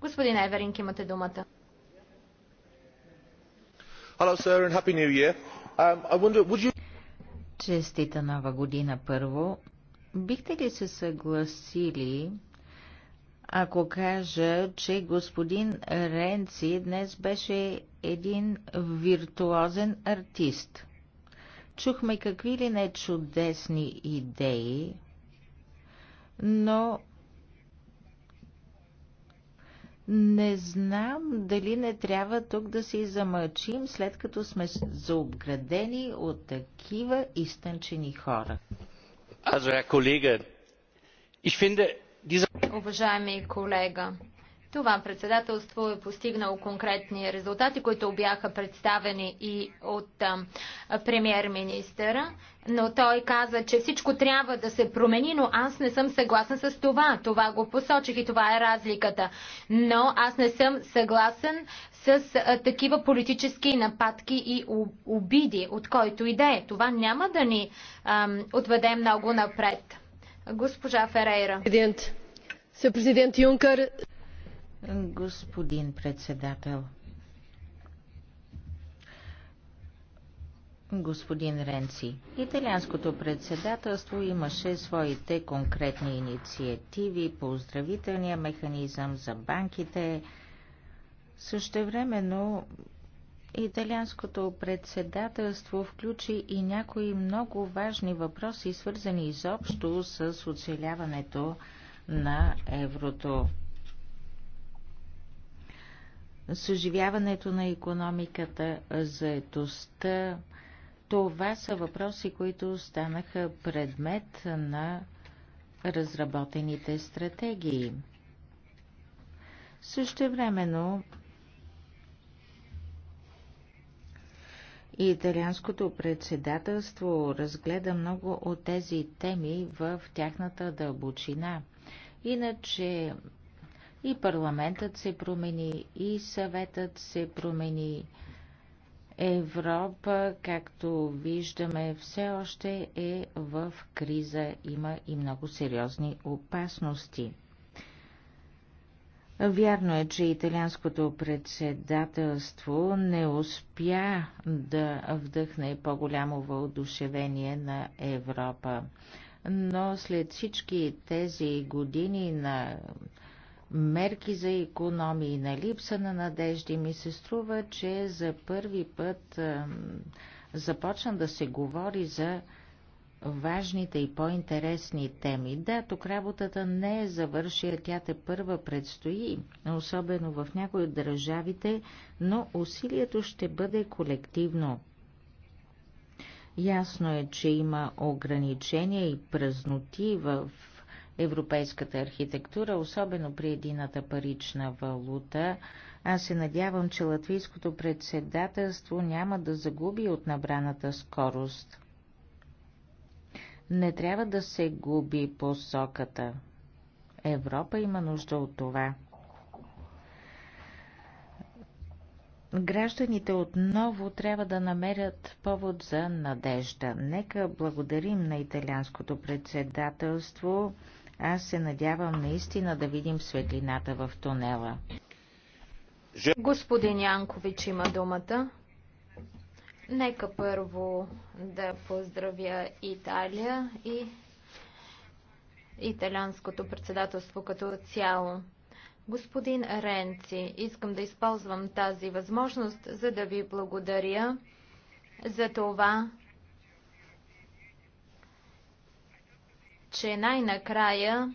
Господин Еверинг, имате думата. Hello, sir, and happy new year. Um, I wonder, would you... Честита нова година първо. Бихте ли се съгласили, ако кажа, че господин Ренци днес беше един виртуозен артист? Чухме какви ли не чудесни идеи, но не знам дали не трябва тук да се замълчим, след като сме заобградени от такива изтънчени хора. Also, Herr Kollege, ich finde, dieser... Уважаеми колега, това председателство е постигнало конкретни резултати, които бяха представени и от премьер-министъра, но той каза, че всичко трябва да се промени, но аз не съм съгласен с това. Това го посочих и това е разликата. Но аз не съм съгласен с а, такива политически нападки и обиди, от който и да е. Това няма да ни ам, отведе много напред. Госпожа Ферейра. Президент, президент Юнкър Господин председател, господин Ренци, италианското председателство имаше своите конкретни инициативи по оздравителния механизъм за банките. Същевременно Италианското председателство включи и някои много важни въпроси, свързани изобщо с оцеляването на еврото съживяването на економиката, заетостта. Това са въпроси, които станаха предмет на разработените стратегии. Също времено италианското председателство разгледа много от тези теми в тяхната дълбочина. Иначе и парламентът се промени, и съветът се промени. Европа, както виждаме, все още е в криза. Има и много сериозни опасности. Вярно е, че италианското председателство не успя да вдъхне по-голямо въодушевение на Европа. Но след всички тези години на мерки за економии, на липса на надежди, ми се струва, че за първи път започна да се говори за важните и по-интересни теми. Да, тук работата не е завършила, тя те първа предстои, особено в някои от държавите, но усилието ще бъде колективно. Ясно е, че има ограничения и празноти в европейската архитектура, особено при едината парична валута. Аз се надявам, че латвийското председателство няма да загуби от набраната скорост. Не трябва да се губи посоката. Европа има нужда от това. Гражданите отново трябва да намерят повод за надежда. Нека благодарим на италианското председателство аз се надявам наистина да видим светлината в тунела. Господин Янкович има думата. Нека първо да поздравя Италия и италянското председателство като цяло. Господин Ренци, искам да използвам тази възможност, за да ви благодаря за това, че най-накрая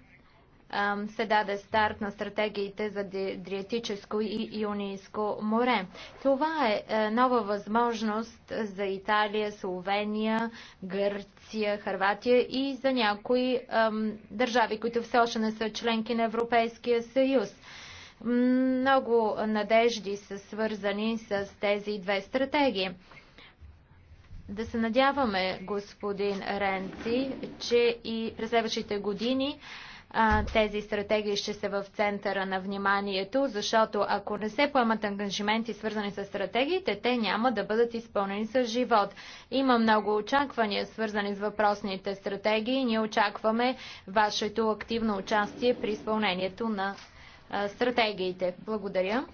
се даде старт на стратегиите за Дриатическо и Ионийско море. Това е, е нова възможност за Италия, Словения, Гърция, Харватия и за някои държави, които все още не са членки на Европейския съюз. Много надежди са свързани с тези две стратегии. Да се надяваме, господин Ренци, че и през следващите години тези стратегии ще са в центъра на вниманието, защото ако не се поемат ангажименти, свързани с стратегиите, те няма да бъдат изпълнени с живот. Има много очаквания, свързани с въпросните стратегии. Ние очакваме вашето активно участие при изпълнението на стратегиите. Благодаря.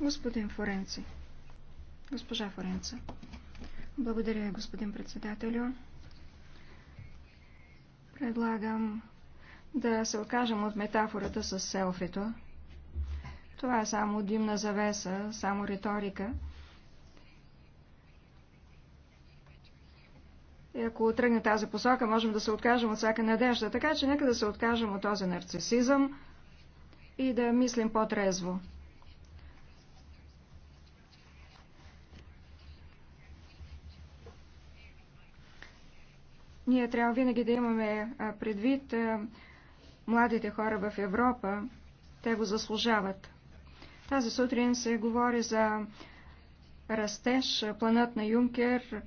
Господин Форенци. Госпожа Форенци. Благодаря, господин председателю. Предлагам да се окажем от метафората с селфито. Това е само димна завеса, само риторика. И ако тръгне тази посока, можем да се откажем от всяка надежда. Така че нека да се откажем от този нарцисизъм и да мислим по-трезво. Ние трябва винаги да имаме предвид младите хора в Европа. Те го заслужават. Тази сутрин се говори за растеж, планът на Юнкер,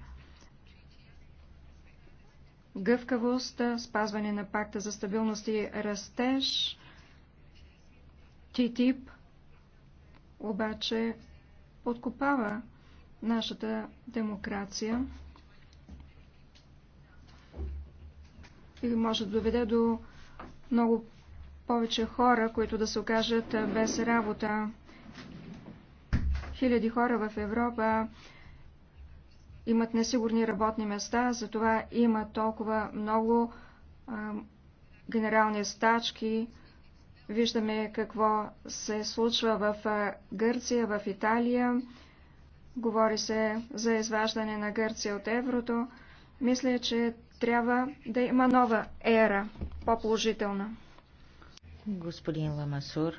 гъвкавост, спазване на пакта за стабилност и растеж, ТИТИП, обаче подкопава нашата демокрация. и може да доведе до много повече хора, които да се окажат без работа. Хиляди хора в Европа имат несигурни работни места, затова има толкова много а, генерални стачки. Виждаме какво се случва в Гърция, в Италия. Говори се за изваждане на Гърция от еврото. Мисля, че трябва да има нова ера, по-положителна. Господин Ламасур,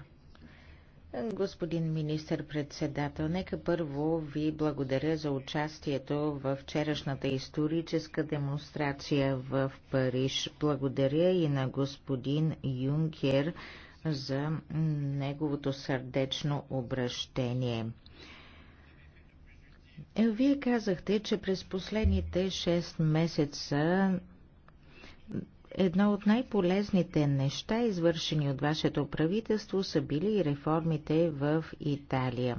господин министр-председател, нека първо ви благодаря за участието в вчерашната историческа демонстрация в Париж. Благодаря и на господин Юнкер за неговото сърдечно обращение. Е, вие казахте, че през последните 6 месеца едно от най-полезните неща, извършени от вашето правителство, са били и реформите в Италия.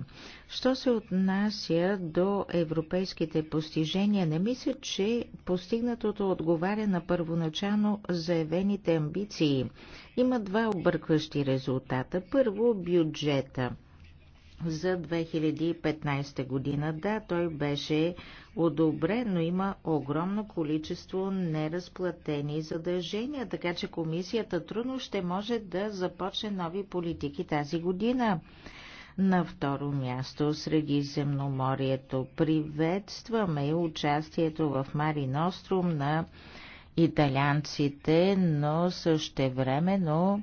Що се отнася до европейските постижения, не мисля, че постигнатото отговаря на първоначално заявените амбиции. Има два объркващи резултата. Първо, бюджета – за 2015 година. Да, той беше одобрен, но има огромно количество неразплатени задължения, така че комисията трудно ще може да започне нови политики тази година. На второ място Средиземноморието приветстваме участието в Мари на италянците, но същевременно времено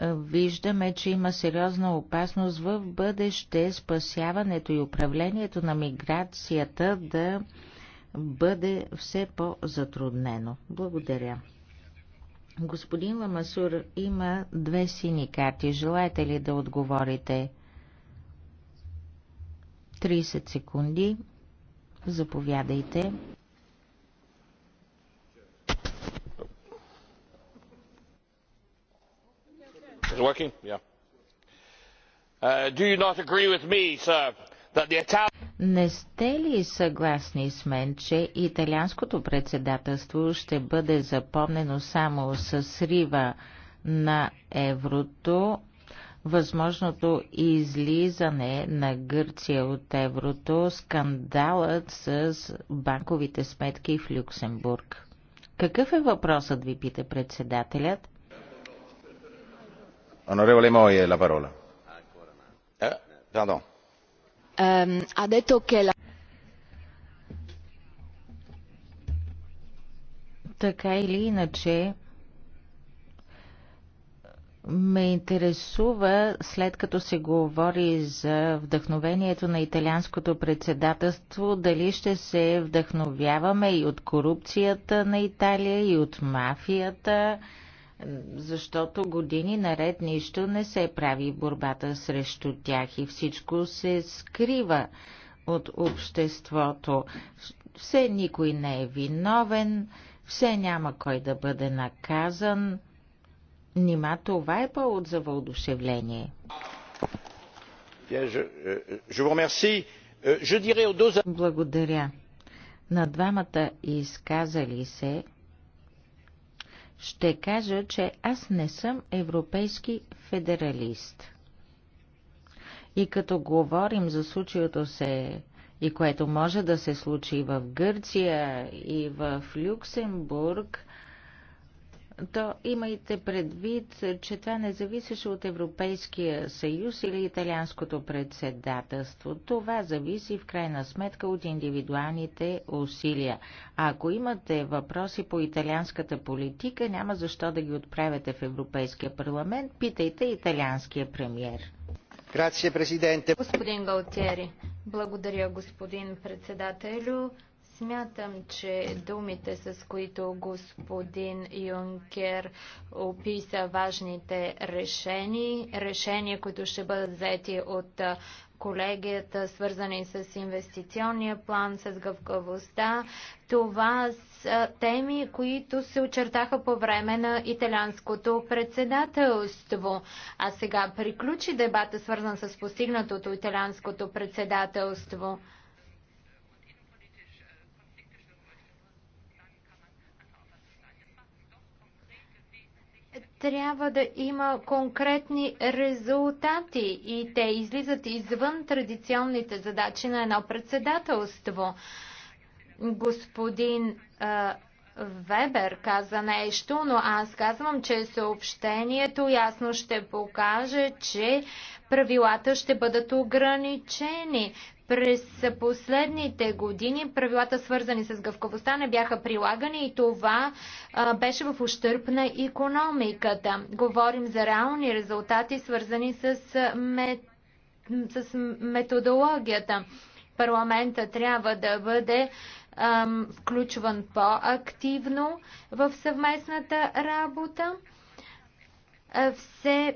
виждаме, че има сериозна опасност в бъдеще спасяването и управлението на миграцията да бъде все по-затруднено. Благодаря. Господин Ламасур има две сини карти. Желаете ли да отговорите? 30 секунди. Заповядайте. Uh, Не сте ли съгласни с мен, че италианското председателство ще бъде запомнено само с срива на еврото, възможното излизане на Гърция от еврото, скандалът с банковите сметки в Люксембург? Какъв е въпросът, ви пита председателят? Eh, ehm, ha detto che la така или иначе ме интересува, след като се говори за вдъхновението на италианското председателство, дали ще се вдъхновяваме и от корупцията на Италия, и от мафията защото години наред нищо не се прави борбата срещу тях и всичко се скрива от обществото. Все никой не е виновен, все няма кой да бъде наказан. Нима това е повод за въодушевление. Euh, euh, Благодаря. На двамата изказали се ще кажа, че аз не съм европейски федералист. И като говорим за случилото се и което може да се случи в Гърция, и в Люксембург, то имайте предвид, че това не зависеше от Европейския съюз или италианското председателство. Това зависи в крайна сметка от индивидуалните усилия. А ако имате въпроси по италианската политика, няма защо да ги отправяте в Европейския парламент. Питайте италианския премьер. Грация, президенте. Господин Галтери, благодаря господин председателю. Смятам, че думите, с които господин Юнкер описа важните решения, решения, които ще бъдат взети от колегията, свързани с инвестиционния план, с гъвкавостта. Това са теми, които се очертаха по време на италянското председателство. А сега приключи дебата, свързан с постигнатото италянското председателство. трябва да има конкретни резултати и те излизат извън традиционните задачи на едно председателство. Господин а, Вебер каза нещо, но аз казвам, че съобщението ясно ще покаже, че правилата ще бъдат ограничени. През последните години правилата свързани с гъвкавостта не бяха прилагани и това а, беше в ущърп на економиката. Говорим за реални резултати свързани с, мет... с методологията. Парламента трябва да бъде ам, включван по-активно в съвместната работа. Все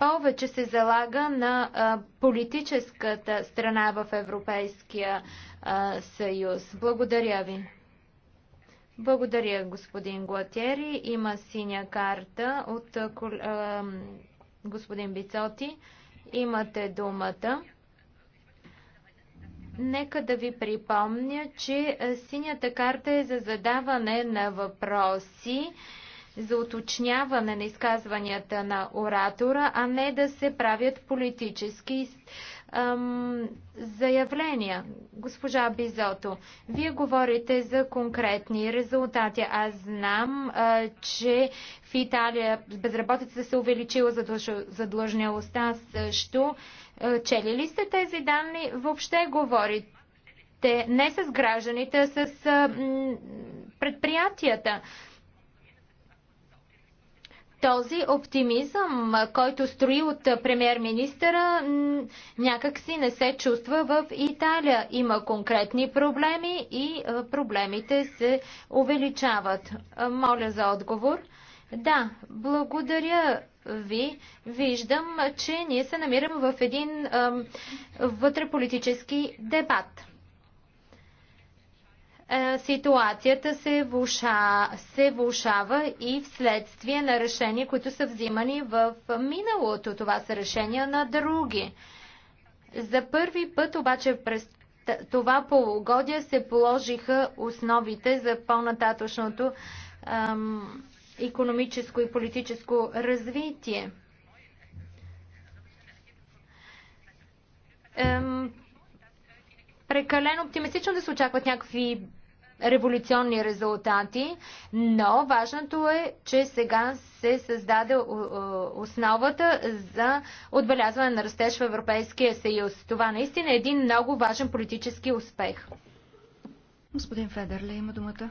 повече се залага на политическата страна в Европейския съюз. Благодаря ви. Благодаря, господин Глатери. Има синя карта от господин Бицоти. Имате думата. Нека да ви припомня, че синята карта е за задаване на въпроси за уточняване на изказванията на оратора, а не да се правят политически ам, заявления. Госпожа Бизото, вие говорите за конкретни резултати. Аз знам, а, че в Италия безработицата се увеличила, длъжнялостта също. Чели ли сте тези данни? Въобще говорите не с гражданите, а с предприятията този оптимизъм, който строи от премьер-министъра, някакси не се чувства в Италия. Има конкретни проблеми и проблемите се увеличават. Моля за отговор. Да, благодаря ви. Виждам, че ние се намираме в един вътреполитически дебат. Е, ситуацията се, влуша, се влушава и вследствие на решения, които са взимани в миналото. Това са решения на други. За първи път обаче през това полугодие се положиха основите за по-нататъчното економическо и политическо развитие. Ем, прекалено оптимистично да се очакват някакви революционни резултати, но важното е, че сега се създаде основата за отбелязване на растеж в Европейския съюз. Това наистина е един много важен политически успех. Господин Федерле има думата.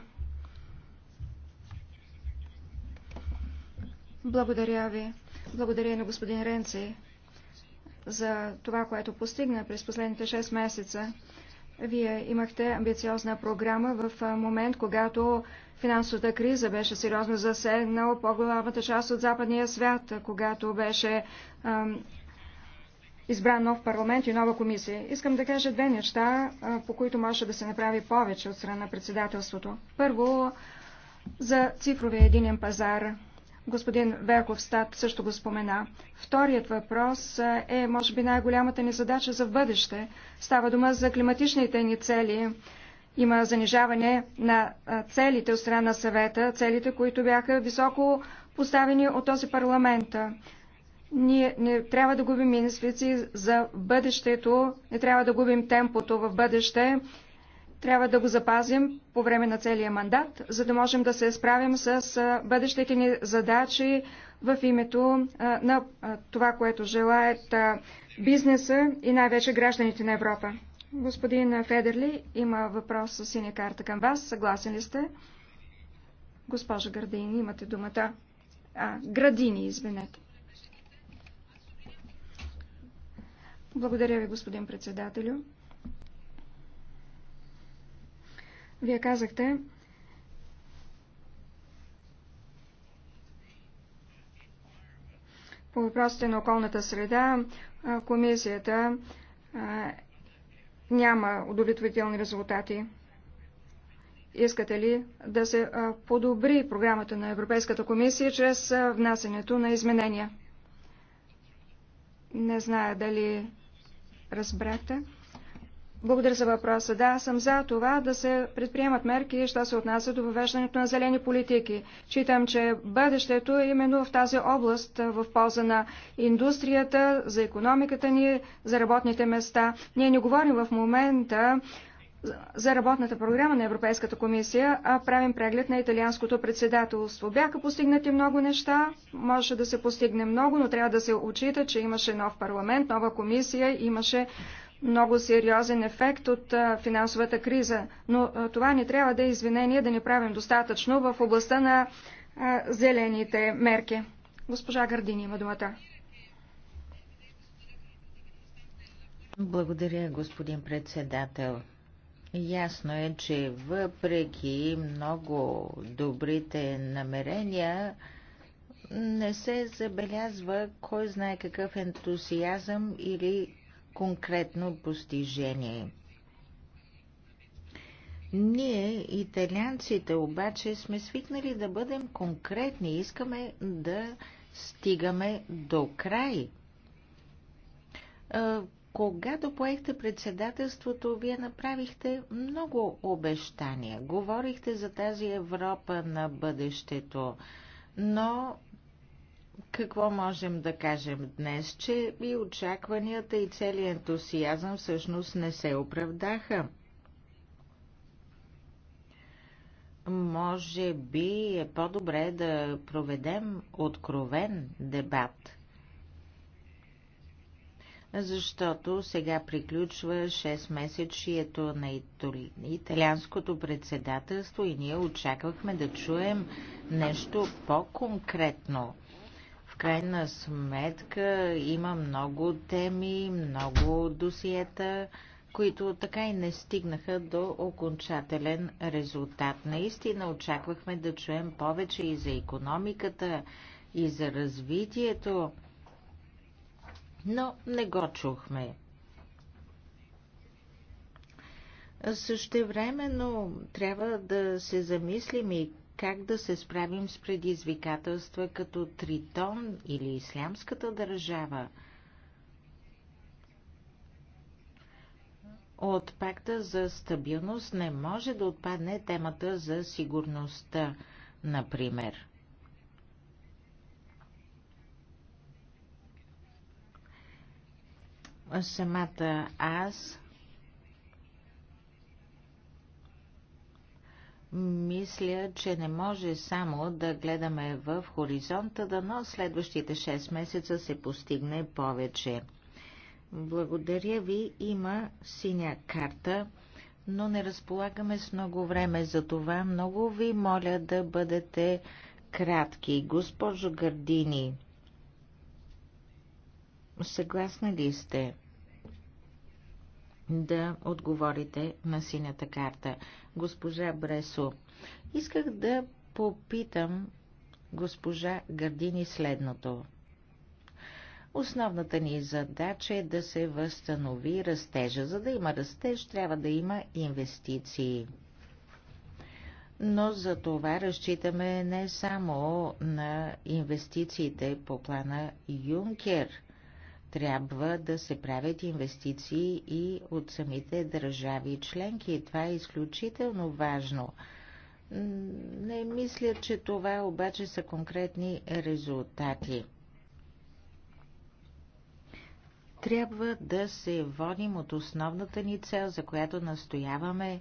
Благодаря ви. Благодаря на господин Ренци за това, което постигна през последните 6 месеца. Вие имахте амбициозна програма в момент, когато финансовата криза беше сериозно засегнала по-голямата част от западния свят, когато беше ам, избран нов парламент и нова комисия. Искам да кажа две неща, по които може да се направи повече от страна на председателството. Първо, за цифровия единен пазар. Господин Верхов също го спомена. Вторият въпрос е, може би, най-голямата ни задача за бъдеще. Става дума за климатичните ни цели. Има занижаване на целите от страна на съвета, целите, които бяха високо поставени от този парламент. Ние не трябва да губим инвестиции за бъдещето, не трябва да губим темпото в бъдеще трябва да го запазим по време на целия мандат, за да можем да се справим с бъдещите ни задачи в името на това, което желаят бизнеса и най-вече гражданите на Европа. Господин Федерли, има въпрос с синя карта към вас. Съгласен ли сте? Госпожа Градини, имате думата. А, Градини, извинете. Благодаря ви, господин председателю. Вие казахте, по въпросите на околната среда, комисията няма удовлетворителни резултати. Искате ли да се подобри програмата на Европейската комисия чрез внасенето на изменения? Не зная дали разбрахте. Благодаря за въпроса. Да, съм за това да се предприемат мерки, що се отнася до въвеждането на зелени политики. Читам, че бъдещето е именно в тази област, в полза на индустрията, за економиката ни, за работните места. Ние не говорим в момента за работната програма на Европейската комисия, а правим преглед на италианското председателство. Бяха постигнати много неща, може да се постигне много, но трябва да се очита, че имаше нов парламент, нова комисия, имаше много сериозен ефект от финансовата криза, но това не трябва да е извинение да не правим достатъчно в областта на зелените мерки. Госпожа Гардини има думата. Благодаря, господин председател. Ясно е, че въпреки много добрите намерения, не се забелязва кой знае какъв ентусиазъм или конкретно постижение. Ние, италианците, обаче сме свикнали да бъдем конкретни, искаме да стигаме до край. Когато поехте председателството, вие направихте много обещания. Говорихте за тази Европа на бъдещето, но какво можем да кажем днес, че и очакванията и целият ентусиазъм всъщност не се оправдаха? Може би е по-добре да проведем откровен дебат, защото сега приключва 6-месечието на италианското председателство и ние очаквахме да чуем нещо по-конкретно – крайна сметка има много теми, много досиета, които така и не стигнаха до окончателен резултат. Наистина очаквахме да чуем повече и за економиката, и за развитието, но не го чухме. Същевременно трябва да се замислим и как да се справим с предизвикателства като Тритон или Ислямската държава. От пакта за стабилност не може да отпадне темата за сигурността, например. Самата аз Мисля, че не може само да гледаме в хоризонта, да но следващите 6 месеца се постигне повече. Благодаря ви, има синя карта, но не разполагаме с много време, за това много ви моля да бъдете кратки. Госпожо Гърдини, съгласна ли сте? да отговорите на синята карта. Госпожа Бресо, исках да попитам госпожа Гардини следното. Основната ни задача е да се възстанови растежа. За да има растеж, трябва да има инвестиции. Но за това разчитаме не само на инвестициите по плана Юнкер – трябва да се правят инвестиции и от самите държави и членки. Това е изключително важно. Не мисля, че това обаче са конкретни резултати. Трябва да се водим от основната ни цел, за която настояваме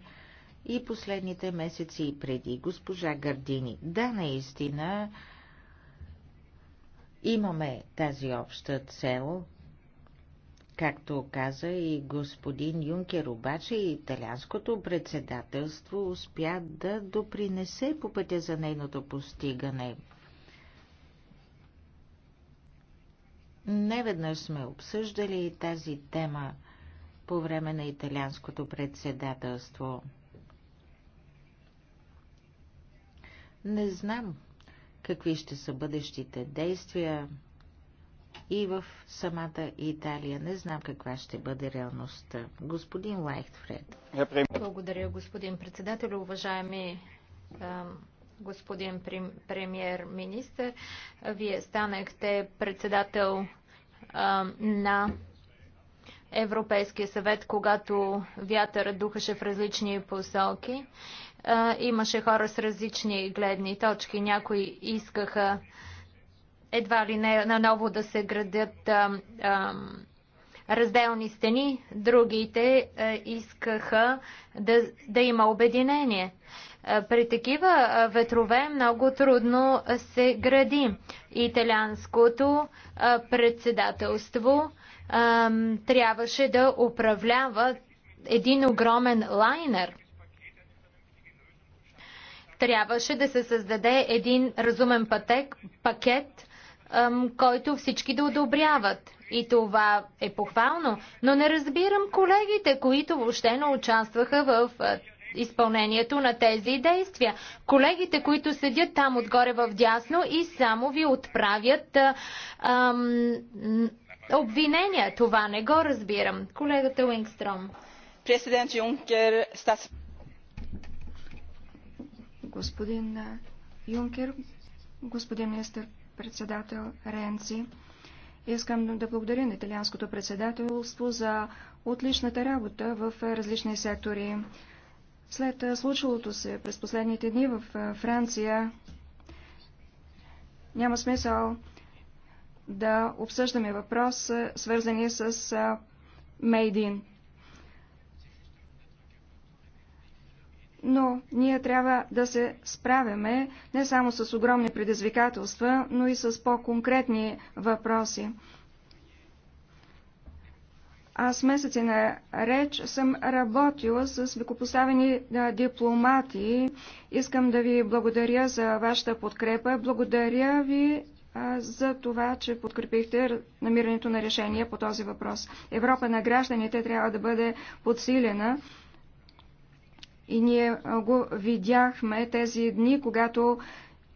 и последните месеци и преди. Госпожа Гардини, да, наистина имаме тази обща цел, Както каза и господин Юнкер, обаче италианското председателство успя да допринесе по пътя за нейното постигане. Неведнъж сме обсъждали тази тема по време на италианското председателство. Не знам какви ще са бъдещите действия и в самата Италия. Не знам каква ще бъде реалността. Господин Лайхтфред. Благодаря, господин председател. Уважаеми господин премьер-министр, вие станахте председател на Европейския съвет, когато вятър духаше в различни посоки. Имаше хора с различни гледни точки. Някои искаха едва ли не наново да се градят а, а, разделни стени, другите а, е, искаха да, да има обединение. А, е, при такива а, е, ветрове много трудно се гради. Италианското председателство а, трябваше да управлява един огромен лайнер трябваше да се създаде един разумен пътек, пакет, който всички да одобряват. И това е похвално, но не разбирам колегите, които въобще не участваха в изпълнението на тези действия. Колегите, които седят там отгоре в дясно и само ви отправят ам, обвинения. Това не го разбирам. Колегата Уингстром. Президент Юнкер, стас... Господин Юнкер, господин министър председател Ренци. Искам да благодаря на италианското председателство за отличната работа в различни сектори. След случилото се през последните дни в Франция, няма смисъл да обсъждаме въпрос, свързани с Мейдин. но ние трябва да се справяме не само с огромни предизвикателства, но и с по-конкретни въпроси. Аз месеци на реч съм работила с векопоставени дипломати. Искам да ви благодаря за вашата подкрепа. Благодаря ви за това, че подкрепихте намирането на решение по този въпрос. Европа на гражданите трябва да бъде подсилена и ние го видяхме тези дни, когато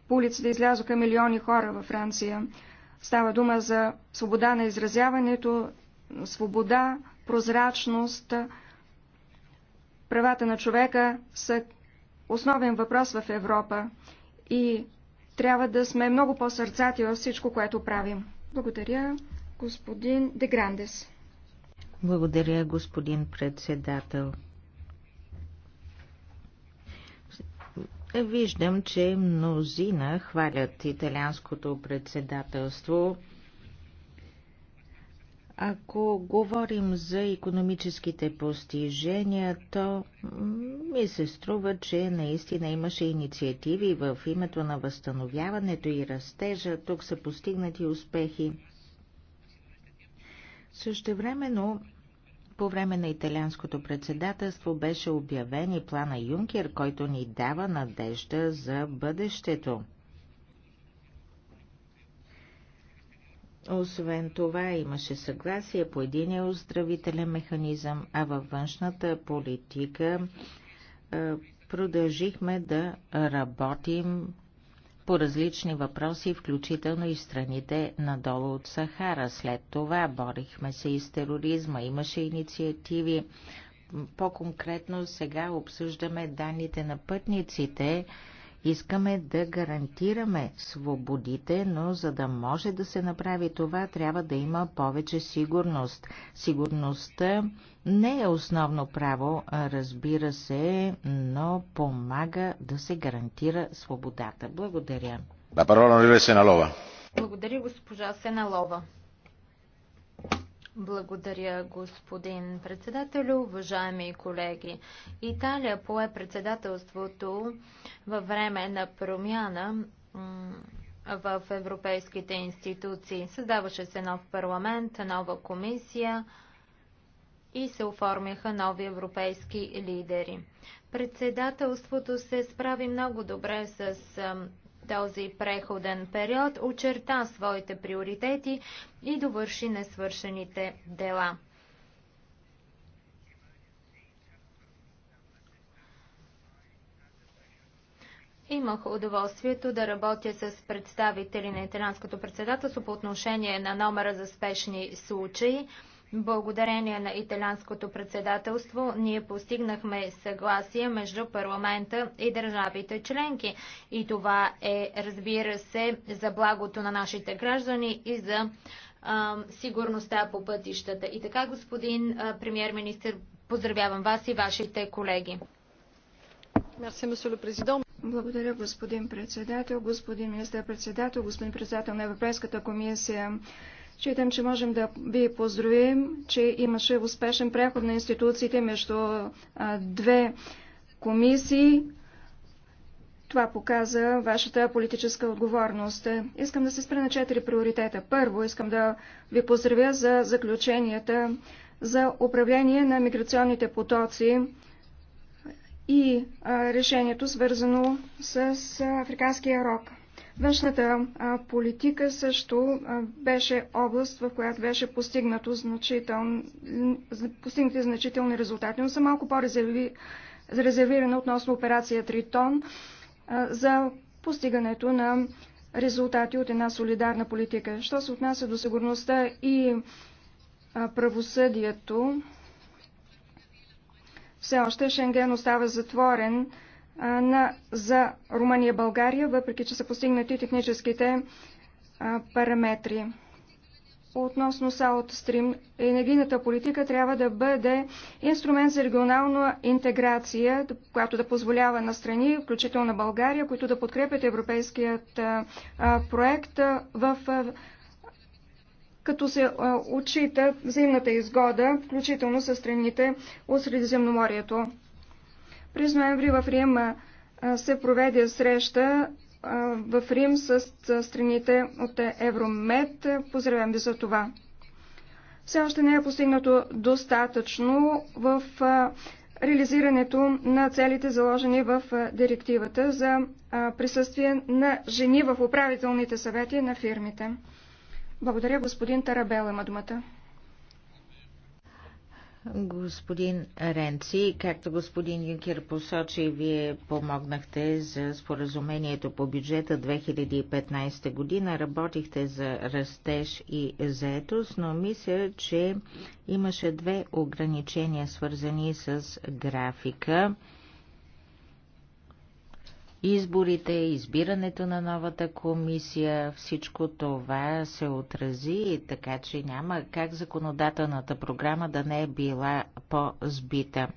по улиците излязоха милиони хора във Франция. Става дума за свобода на изразяването, свобода, прозрачност. Правата на човека са основен въпрос в Европа и трябва да сме много по-сърцати във всичко, което правим. Благодаря, господин Деграндес. Благодаря, господин председател. Виждам, че мнозина хвалят италианското председателство. Ако говорим за економическите постижения, то ми се струва, че наистина имаше инициативи в името на възстановяването и растежа. Тук са постигнати успехи. Същевременно по време на италианското председателство беше обявен и плана Юнкер, който ни дава надежда за бъдещето. Освен това имаше съгласие по единия оздравителен механизъм, а във външната политика продължихме да работим по различни въпроси, включително и страните надолу от Сахара. След това борихме се и с тероризма, имаше инициативи. По-конкретно сега обсъждаме данните на пътниците, Искаме да гарантираме свободите, но за да може да се направи това, трябва да има повече сигурност. Сигурността не е основно право, разбира се, но помага да се гарантира свободата. Благодаря. Благодаря, госпожа Сеналова. Благодаря, господин председател, Уважаеми колеги, Италия пое председателството във време на промяна в европейските институции. Създаваше се нов парламент, нова комисия и се оформяха нови европейски лидери. Председателството се справи много добре с този преходен период, очерта своите приоритети и довърши несвършените дела. Имах удоволствието да работя с представители на италянското председателство по отношение на номера за спешни случаи. Благодарение на италянското председателство ние постигнахме съгласие между парламента и държавите членки. И това е, разбира се, за благото на нашите граждани и за а, сигурността по пътищата. И така, господин премьер-министр, поздравявам вас и вашите колеги. Благодаря, господин председател, господин министър-председател, господин председател на Европейската комисия. Считам, че можем да ви поздравим, че имаше успешен преход на институциите между две комисии. Това показа вашата политическа отговорност. Искам да се спра на четири приоритета. Първо, искам да ви поздравя за заключенията за управление на миграционните потоци и решението свързано с африканския рок. Външната политика също беше област, в която беше постигнато значител... постигнати значителни резултати, но са малко по-резервирана относно операция Тритон за постигането на резултати от една солидарна политика. Що се отнася до сигурността и правосъдието, все още Шенген остава затворен на, за Румъния и България, въпреки че са постигнати техническите а, параметри. Относно South Stream, енергийната политика трябва да бъде инструмент за регионална интеграция, която да позволява на страни, включително на България, които да подкрепят европейският а, проект а, в а, като се а, отчита взаимната изгода, включително с страните от Средиземноморието. През ноември в Рим се проведе среща в Рим с страните от Евромед. Поздравям ви за това. Все още не е постигнато достатъчно в реализирането на целите заложени в директивата за присъствие на жени в управителните съвети на фирмите. Благодаря, господин Тарабел има думата. Господин Ренци, както господин Юнкер посочи, вие помогнахте за споразумението по бюджета 2015 година, работихте за растеж и заетост, но мисля, че имаше две ограничения, свързани с графика изборите, избирането на новата комисия, всичко това се отрази, така че няма как законодателната програма да не е била по-сбита.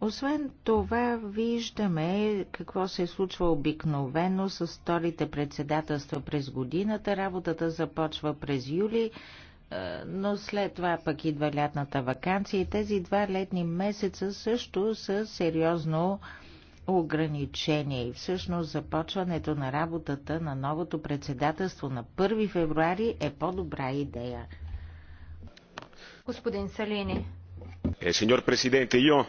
Освен това, виждаме какво се е случва обикновено с вторите председателства през годината. Работата започва през юли, е, но след това пък идва лятната вакансия и тези два летни месеца също са сериозно ограничения и всъщност започването на работата на новото председателство на 1 февруари е по-добра идея. Господин Салини. Е, сеньор президенте, йо.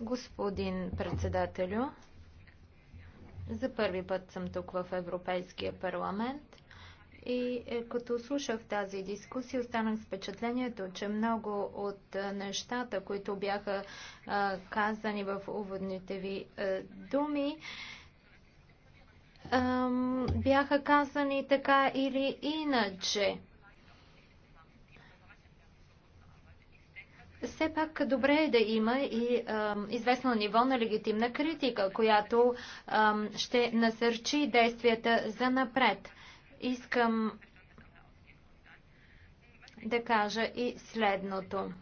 Господин председателю, за първи път съм тук в Европейския парламент и е, като слушах тази дискусия, останах с впечатлението, че много от е, нещата, които бяха е, казани в уводните ви думи, бяха казани така или иначе. Все пак добре е да има и е, известно ниво на легитимна критика, която е, ще насърчи действията за напред. Искам да кажа и следното.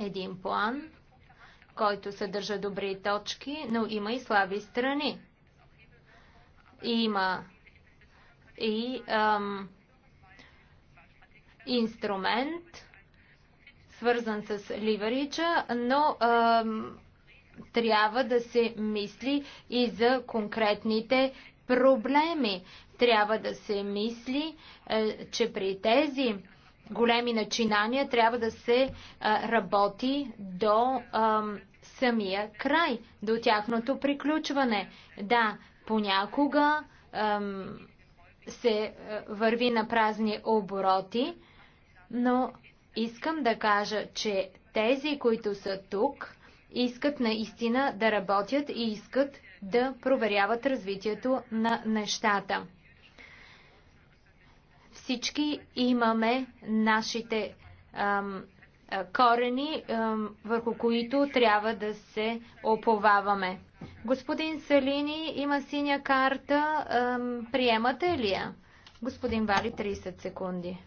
Един план, който съдържа добри точки, но има и слаби страни. Има и ам, инструмент, свързан с ливарича, но ам, трябва да се мисли и за конкретните проблеми. Трябва да се мисли, е, че при тези големи начинания трябва да се е, работи до е, самия край, до тяхното приключване. Да, понякога се върви на празни обороти, но искам да кажа, че тези, които са тук, искат наистина да работят и искат да проверяват развитието на нещата. Всички имаме нашите ам, корени, ам, върху които трябва да се оповаваме. Господин Салини има синя карта. Ам, приемате ли я? Господин Вали, 30 секунди.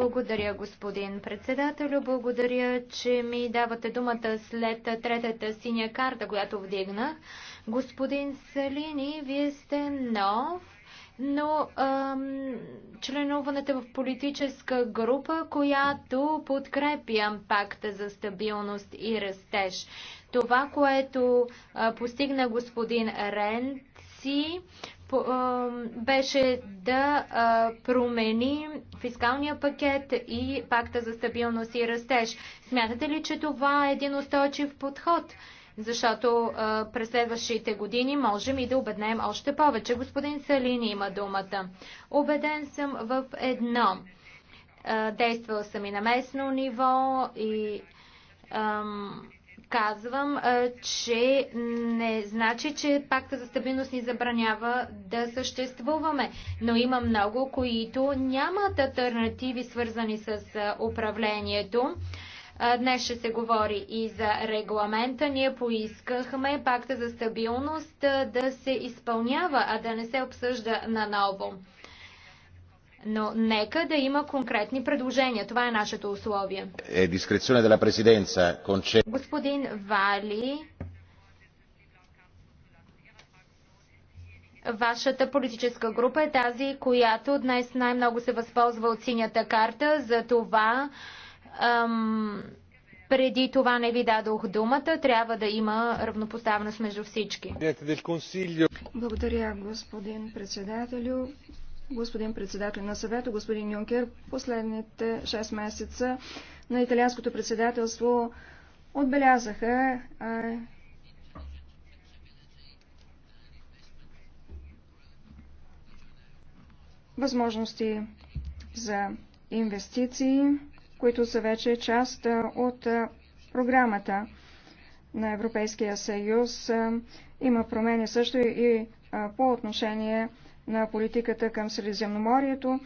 Благодаря, господин председател, Благодаря, че ми давате думата след третата синя карта, която вдигнах. Господин Салини, вие сте нов, но ам, членуването в политическа група, която подкрепя пакта за стабилност и растеж. Това, което а, постигна господин Рент, беше да промени фискалния пакет и пакта за стабилност и растеж. Смятате ли, че това е един устойчив подход? Защото през следващите години можем и да обеднем още повече. Господин Салини има думата. Обеден съм в едно. Действал съм и на местно ниво и ам, казвам, че не значи, че пакта за стабилност ни забранява да съществуваме, но има много, които нямат альтернативи, свързани с управлението. Днес ще се говори и за регламента. Ние поискахме пакта за стабилност да се изпълнява, а да не се обсъжда наново. Но нека да има конкретни предложения. Това е нашето условие. Е Конче... Господин Вали, Вашата политическа група е тази, която днес най-много се възползва от синята карта. За това ам, преди това не ви дадох думата. Трябва да има равнопоставеност между всички. Благодаря, господин председателю господин председател на съвета, господин Юнкер, последните 6 месеца на италианското председателство отбелязаха а, възможности за инвестиции, които са вече част от програмата на Европейския съюз. Има промени също и по отношение на политиката към Средиземноморието.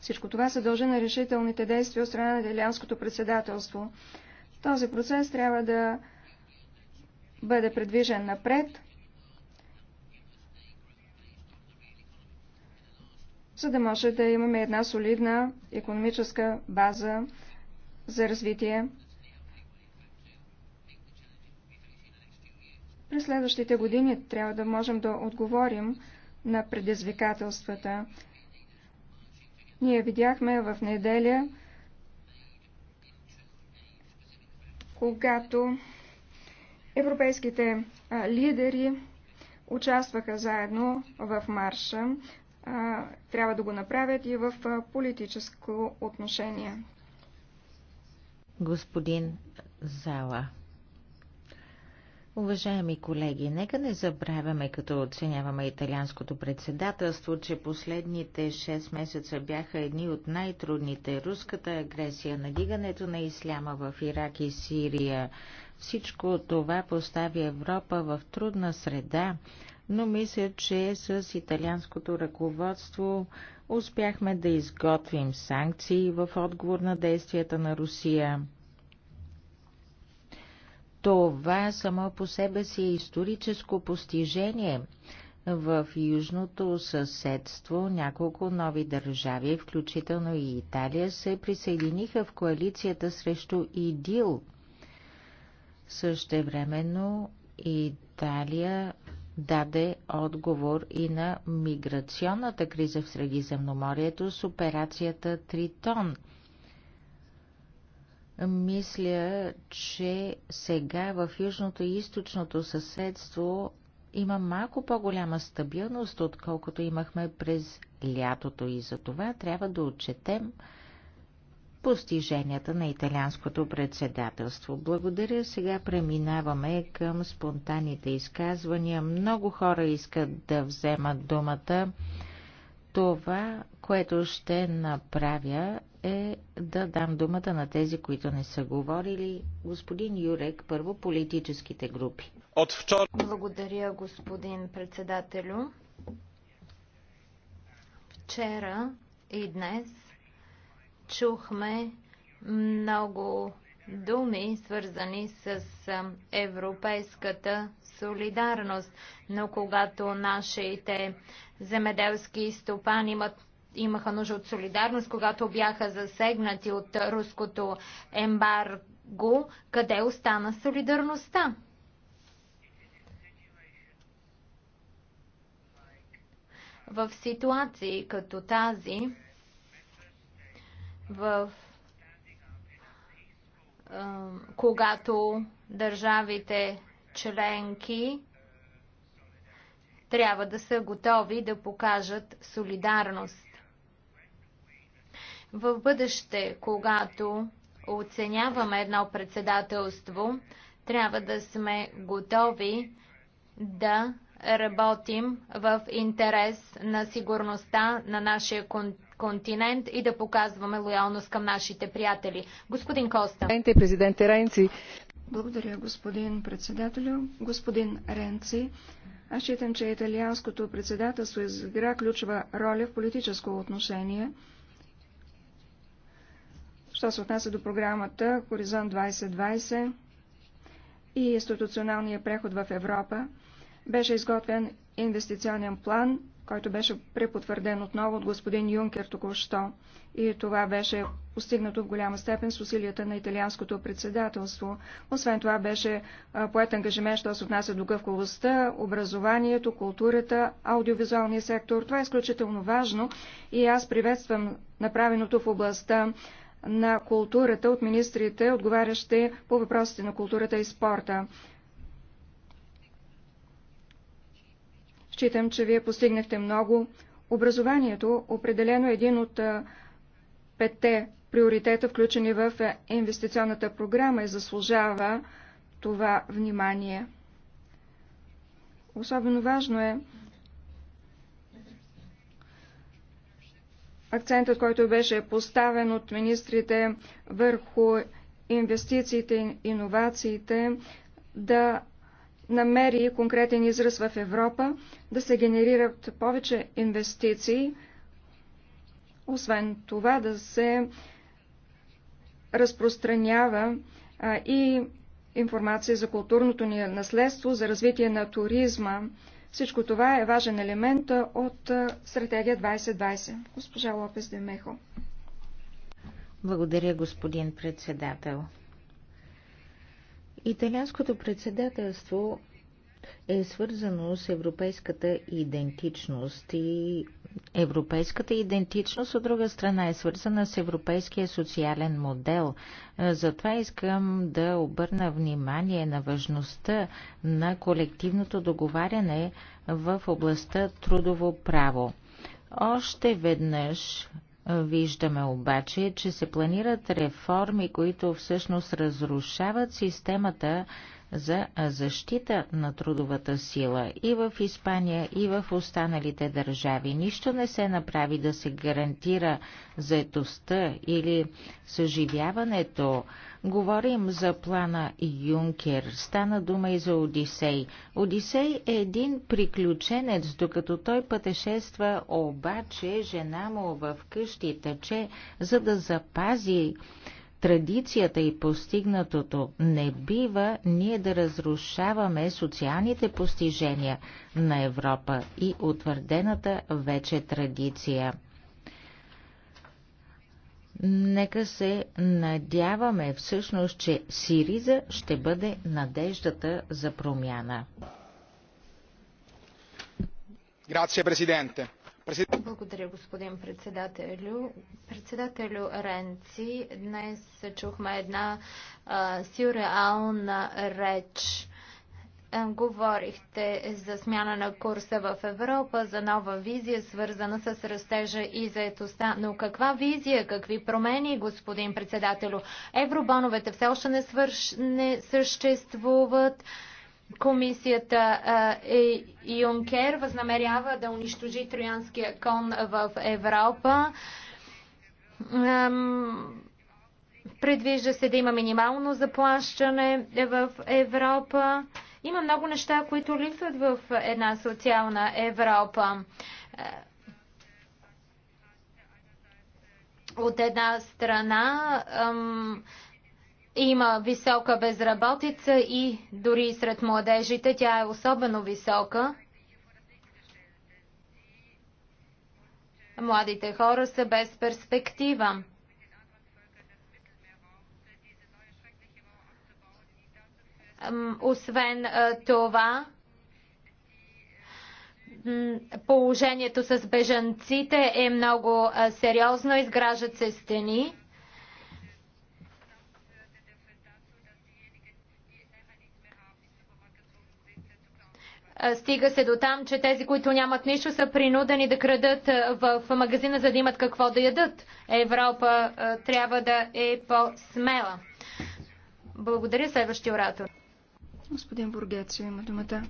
Всичко това се дължи на решителните действия от страна на Италианското председателство. Този процес трябва да бъде предвижен напред, за да може да имаме една солидна економическа база за развитие През следващите години трябва да можем да отговорим на предизвикателствата. Ние видяхме в неделя, когато европейските лидери участваха заедно в марша. Трябва да го направят и в политическо отношение. Господин Зала. Уважаеми колеги, нека не забравяме, като оценяваме италианското председателство, че последните 6 месеца бяха едни от най-трудните. Руската агресия, надигането на исляма в Ирак и Сирия. Всичко това постави Европа в трудна среда, но мисля, че с италианското ръководство успяхме да изготвим санкции в отговор на действията на Русия. Това само по себе си е историческо постижение. В южното съседство няколко нови държави, включително и Италия, се присъединиха в коалицията срещу ИДИЛ. Същевременно Италия даде отговор и на миграционната криза в Средиземноморието с операцията Тритон – мисля, че сега в южното и източното съседство има малко по-голяма стабилност, отколкото имахме през лятото и за това трябва да отчетем постиженията на италианското председателство. Благодаря. Сега преминаваме към спонтанните изказвания. Много хора искат да вземат думата. Това, което ще направя е да дам думата на тези, които не са говорили. Господин Юрек, първо политическите групи. От вчора... Благодаря, господин председателю. Вчера и днес чухме много думи, свързани с европейската солидарност, но когато нашите земеделски стопани имат имаха нужда от солидарност, когато бяха засегнати от руското ембарго. Къде остана солидарността? В ситуации като тази, в когато държавите членки трябва да са готови да покажат солидарност. В бъдеще, когато оценяваме едно председателство, трябва да сме готови да работим в интерес на сигурността на нашия континент и да показваме лоялност към нашите приятели. Господин Коста. Президенте Ренци. Благодаря, господин председателю. Господин Ренци, аз считам, че италианското председателство изигра ключова роля в политическо отношение – Що се отнася до програмата Хоризонт 2020 и институционалния преход в Европа, беше изготвен инвестиционен план, който беше препотвърден отново от господин Юнкер току-що. И това беше постигнато в голяма степен с усилията на италианското председателство. Освен това беше поет ангажимент, що се отнася до гъвковостта, образованието, културата, аудиовизуалния сектор. Това е изключително важно и аз приветствам направеното в областта на културата от министрите, отговарящи по въпросите на културата и спорта. Считам, че вие постигнахте много. Образованието определено е един от петте приоритета, включени в инвестиционната програма и заслужава това внимание. Особено важно е акцентът, който беше поставен от министрите върху инвестициите и иновациите, да намери конкретен израз в Европа, да се генерират повече инвестиции, освен това да се разпространява а, и информация за културното ни наследство, за развитие на туризма, всичко това е важен елемент от стратегия 2020. Госпожа Лопес Демехо. Благодаря, господин председател. Италианското председателство е свързано с европейската идентичност и Европейската идентичност, от друга страна, е свързана с европейския социален модел. Е, затова искам да обърна внимание на важността на колективното договаряне в областта трудово право. Още веднъж е, Виждаме обаче, че се планират реформи, които всъщност разрушават системата за защита на трудовата сила и в Испания, и в останалите държави. Нищо не се направи да се гарантира заетостта или съживяването. Говорим за плана Юнкер. Стана дума и за Одисей. Одисей е един приключенец, докато той пътешества, обаче жена му в къщи тъче, за да запази традицията и постигнатото. Не бива ние да разрушаваме социалните постижения на Европа и утвърдената вече традиция. Нека се надяваме всъщност, че Сириза ще бъде надеждата за промяна. Grazie Presidente. Благодаря, господин председателю. Председателю Ренци, днес чухме една а, сюрреална реч. Е, говорихте за смяна на курса в Европа, за нова визия, свързана с растежа и заетостта. Но каква визия, какви промени, господин председателю? Евробоновете все още не, свърш... не съществуват. Комисията е Юнкер възнамерява да унищожи троянския кон в Европа. Предвижда се да има минимално заплащане в Европа. Има много неща, които липсват в една социална Европа. От една страна има висока безработица и дори сред младежите тя е особено висока. Младите хора са без перспектива. Освен това, положението с бежанците е много сериозно. Изграждат се стени. Стига се до там, че тези, които нямат нищо, са принудени да крадат в магазина, за да имат какво да ядат. Европа трябва да е по-смела. Благодаря, следващия оратор. Господин Бургеци, има думата.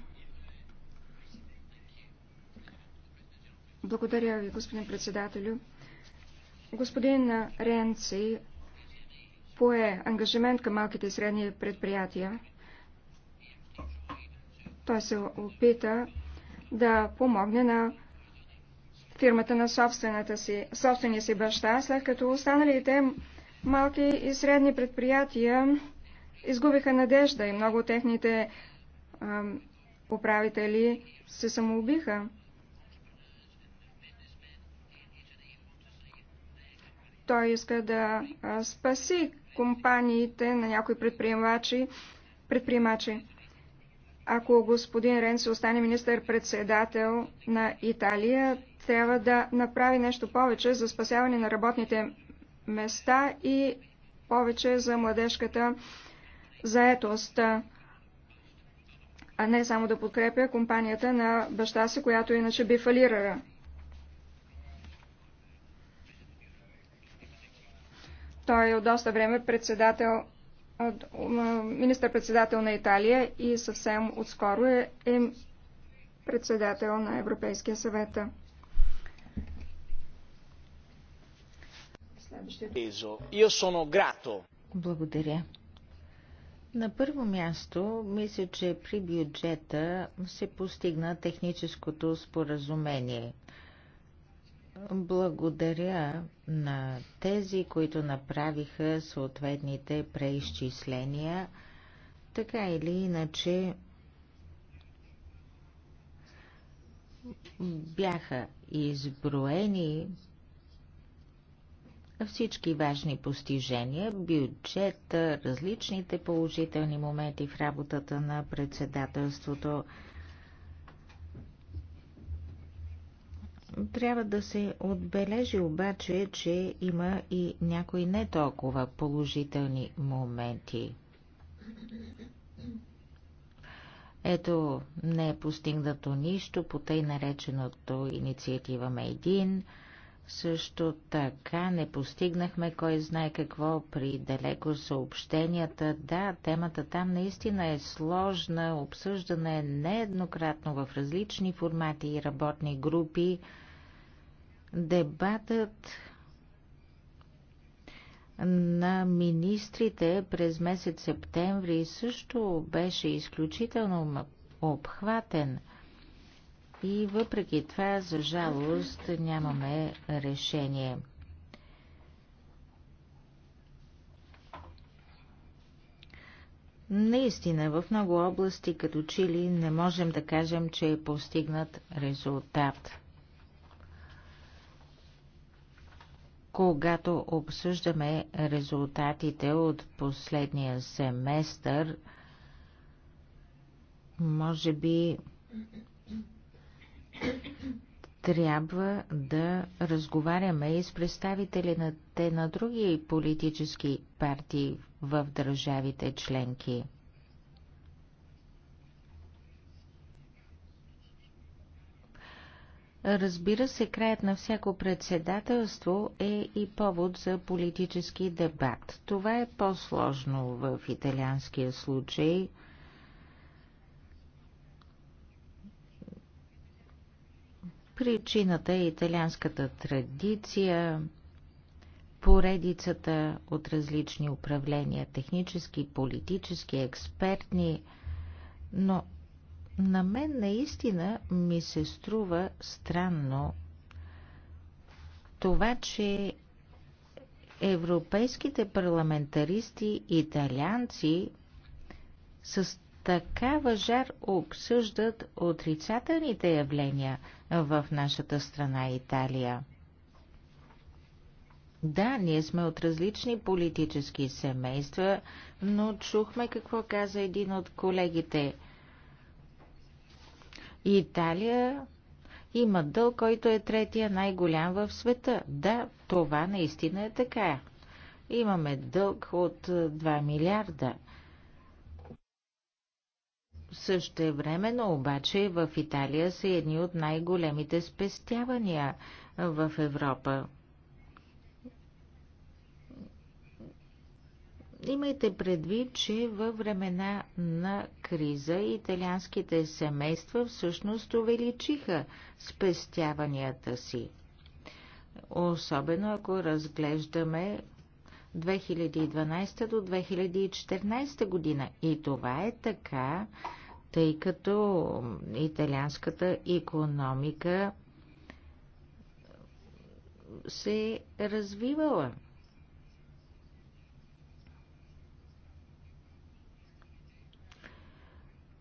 Благодаря ви, господин председателю. Господин Ренци пое ангажимент към малките и средни предприятия той се опита да помогне на фирмата на собствената си, собствения си баща, след като останалите малки и средни предприятия изгубиха надежда и много от техните а, управители се самоубиха. Той иска да а, спаси компаниите на някои предприемачи, предприемачи ако господин Ренци остане министър-председател на Италия, трябва да направи нещо повече за спасяване на работните места и повече за младежката заетост, а не само да подкрепя компанията на баща си, която иначе би фалирала. Той е от доста време председател министър-председател на Италия и съвсем отскоро е, е председател на Европейския съвет. Благодаря. На първо място, мисля, че при бюджета се постигна техническото споразумение – благодаря на тези, които направиха съответните преизчисления. Така или иначе бяха изброени всички важни постижения, бюджета, различните положителни моменти в работата на председателството – Трябва да се отбележи обаче, че има и някои не толкова положителни моменти. Ето, не е постигнато нищо по тъй нареченото инициатива Мейдин – също така не постигнахме кой знае какво при далеко съобщенията. Да, темата там наистина е сложна, обсъждана е нееднократно в различни формати и работни групи. Дебатът на министрите през месец септември също беше изключително обхватен – и въпреки това, за жалост, нямаме решение. Наистина, в много области, като Чили, не можем да кажем, че е постигнат резултат. Когато обсъждаме резултатите от последния семестър, може би трябва да разговаряме и с представители на те на други политически партии в държавите членки. Разбира се, краят на всяко председателство е и повод за политически дебат. Това е по-сложно в италианския случай – Причината е италианската традиция, поредицата от различни управления, технически, политически, експертни, но на мен наистина ми се струва странно това, че европейските парламентаристи, италианци, с Такава жар обсъждат отрицателните явления в нашата страна Италия. Да, ние сме от различни политически семейства, но чухме какво каза един от колегите. Италия има дълг, който е третия най-голям в света. Да, това наистина е така. Имаме дълг от 2 милиарда – също време, но обаче в Италия са едни от най-големите спестявания в Европа. Имайте предвид, че във времена на криза италианските семейства всъщност увеличиха спестяванията си. Особено ако разглеждаме 2012 до 2014 година. И това е така, тъй като италианската економика се е развивала.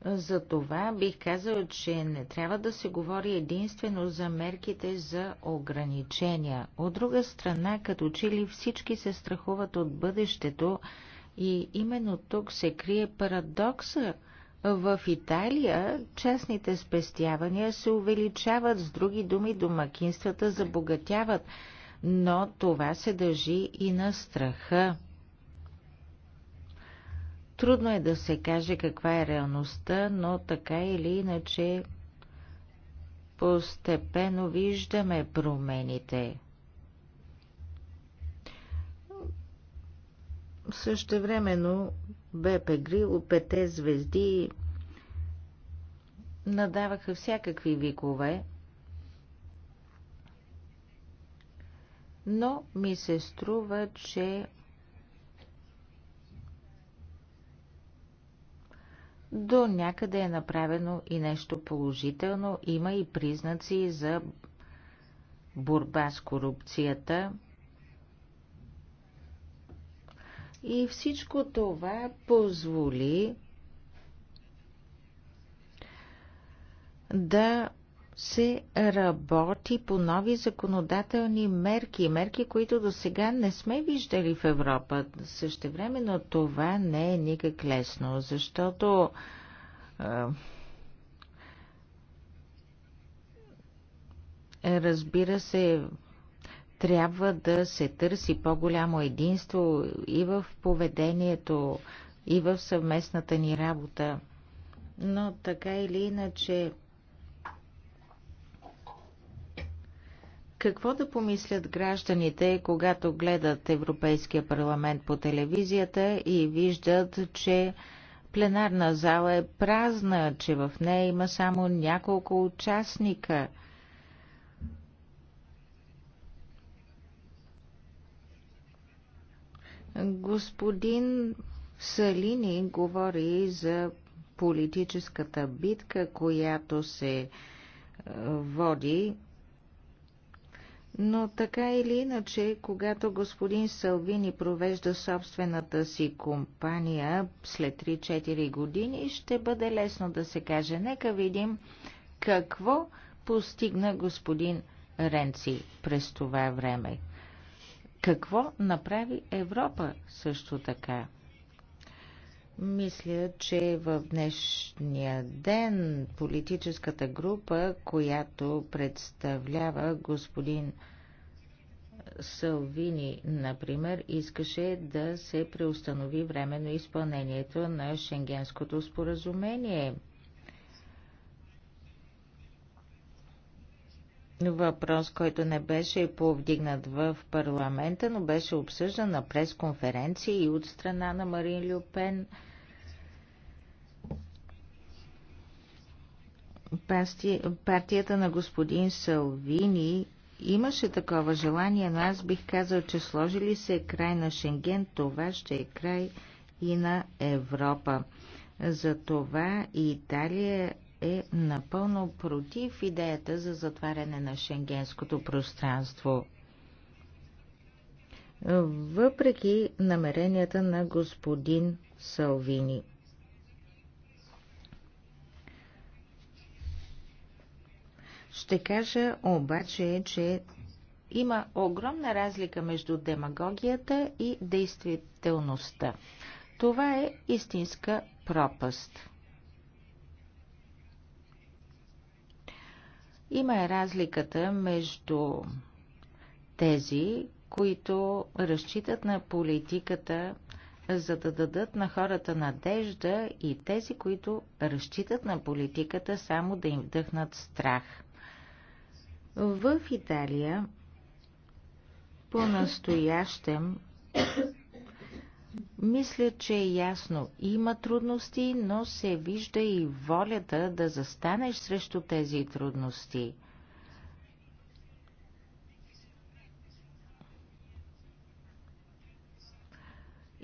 За това бих казал, че не трябва да се говори единствено за мерките за ограничения. От друга страна, като че ли всички се страхуват от бъдещето и именно тук се крие парадокса – в Италия частните спестявания се увеличават, с други думи домакинствата забогатяват, но това се дължи и на страха. Трудно е да се каже каква е реалността, но така или иначе постепенно виждаме промените. Същевременно Бепе Грило, Пете звезди надаваха всякакви викове, но ми се струва, че до някъде е направено и нещо положително, има и признаци за борба с корупцията – И всичко това позволи да се работи по нови законодателни мерки, мерки, които до сега не сме виждали в Европа. Същевременно това не е никак лесно, защото Разбира се, трябва да се търси по-голямо единство и в поведението, и в съвместната ни работа. Но така или иначе, какво да помислят гражданите, когато гледат Европейския парламент по телевизията и виждат, че пленарна зала е празна, че в нея има само няколко участника – Господин Салини говори за политическата битка, която се е, води, но така или иначе, когато господин Салвини провежда собствената си компания след 3-4 години, ще бъде лесно да се каже. Нека видим какво постигна господин Ренци през това време. Какво направи Европа също така? Мисля, че в днешния ден политическата група, която представлява господин Салвини, например, искаше да се преустанови временно изпълнението на Шенгенското споразумение – Въпрос, който не беше повдигнат в парламента, но беше обсъждан на пресконференция и от страна на Марин Люпен. Партията на господин Салвини имаше такова желание, но аз бих казал, че сложили се край на Шенген, това ще е край и на Европа. Затова и Италия е напълно против идеята за затваряне на шенгенското пространство. Въпреки намеренията на господин Салвини. Ще кажа обаче, че има огромна разлика между демагогията и действителността. Това е истинска пропаст. Има е разликата между тези, които разчитат на политиката, за да дадат на хората надежда и тези, които разчитат на политиката само да им вдъхнат страх. В Италия по-настоящем мисля, че е ясно. Има трудности, но се вижда и волята да застанеш срещу тези трудности.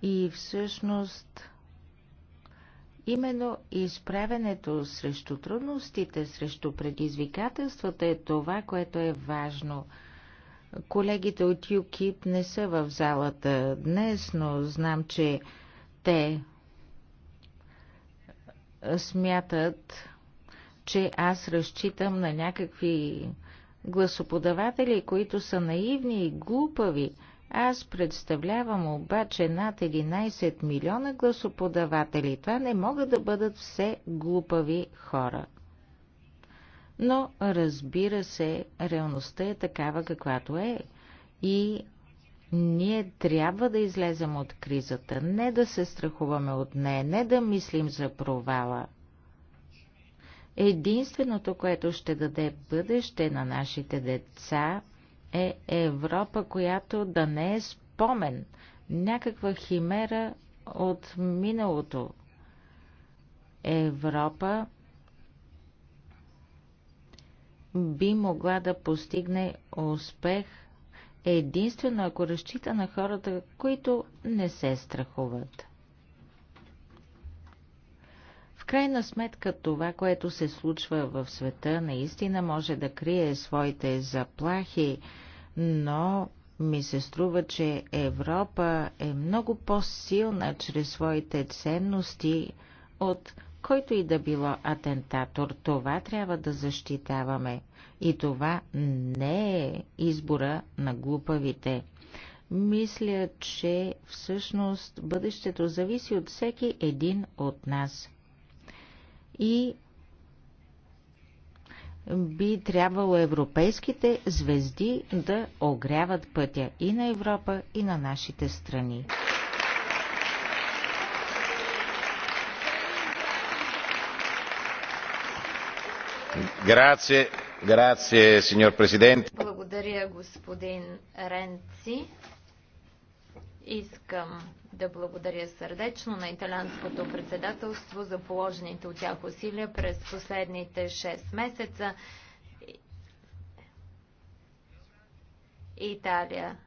И всъщност, именно изправенето срещу трудностите, срещу предизвикателствата е това, което е важно – Колегите от ЮКИП не са в залата днес, но знам, че те смятат, че аз разчитам на някакви гласоподаватели, които са наивни и глупави. Аз представлявам обаче над 11 милиона гласоподаватели. Това не могат да бъдат все глупави хора. Но, разбира се, реалността е такава каквато е и ние трябва да излезем от кризата, не да се страхуваме от нея, не да мислим за провала. Единственото, което ще даде бъдеще на нашите деца, е Европа, която да не е спомен, някаква химера от миналото. Европа, би могла да постигне успех единствено ако разчита на хората, които не се страхуват. В крайна сметка това, което се случва в света, наистина може да крие своите заплахи, но ми се струва, че Европа е много по-силна чрез своите ценности от който и да било атентатор. Това трябва да защитаваме. И това не е избора на глупавите. Мисля, че всъщност бъдещето зависи от всеки един от нас. И би трябвало европейските звезди да огряват пътя и на Европа, и на нашите страни. signor Президент. Благодаря, господин Ренци. Искам да благодаря сърдечно на италянското председателство за положените от тях усилия през последните 6 месеца. Италия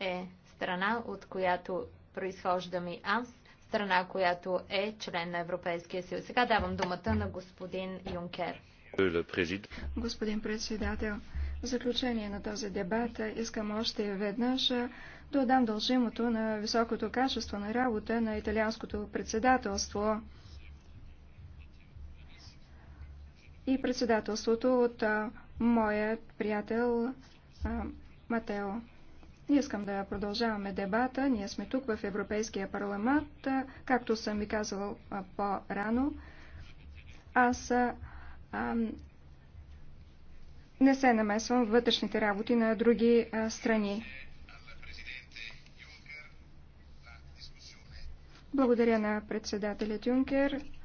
е страна, от която произхождам и аз, страна, която е член на Европейския съюз. Сега давам думата на господин Юнкер. Господин председател, в заключение на този дебат искам още веднъж да отдам дължимото на високото качество на работа на италианското председателство и председателството от моят приятел Матео. Не искам да продължаваме дебата. Ние сме тук в Европейския парламент. Както съм ви казвал по-рано, аз а, не се намесвам в вътрешните работи на други а, страни. Благодаря на председателят Юнкер.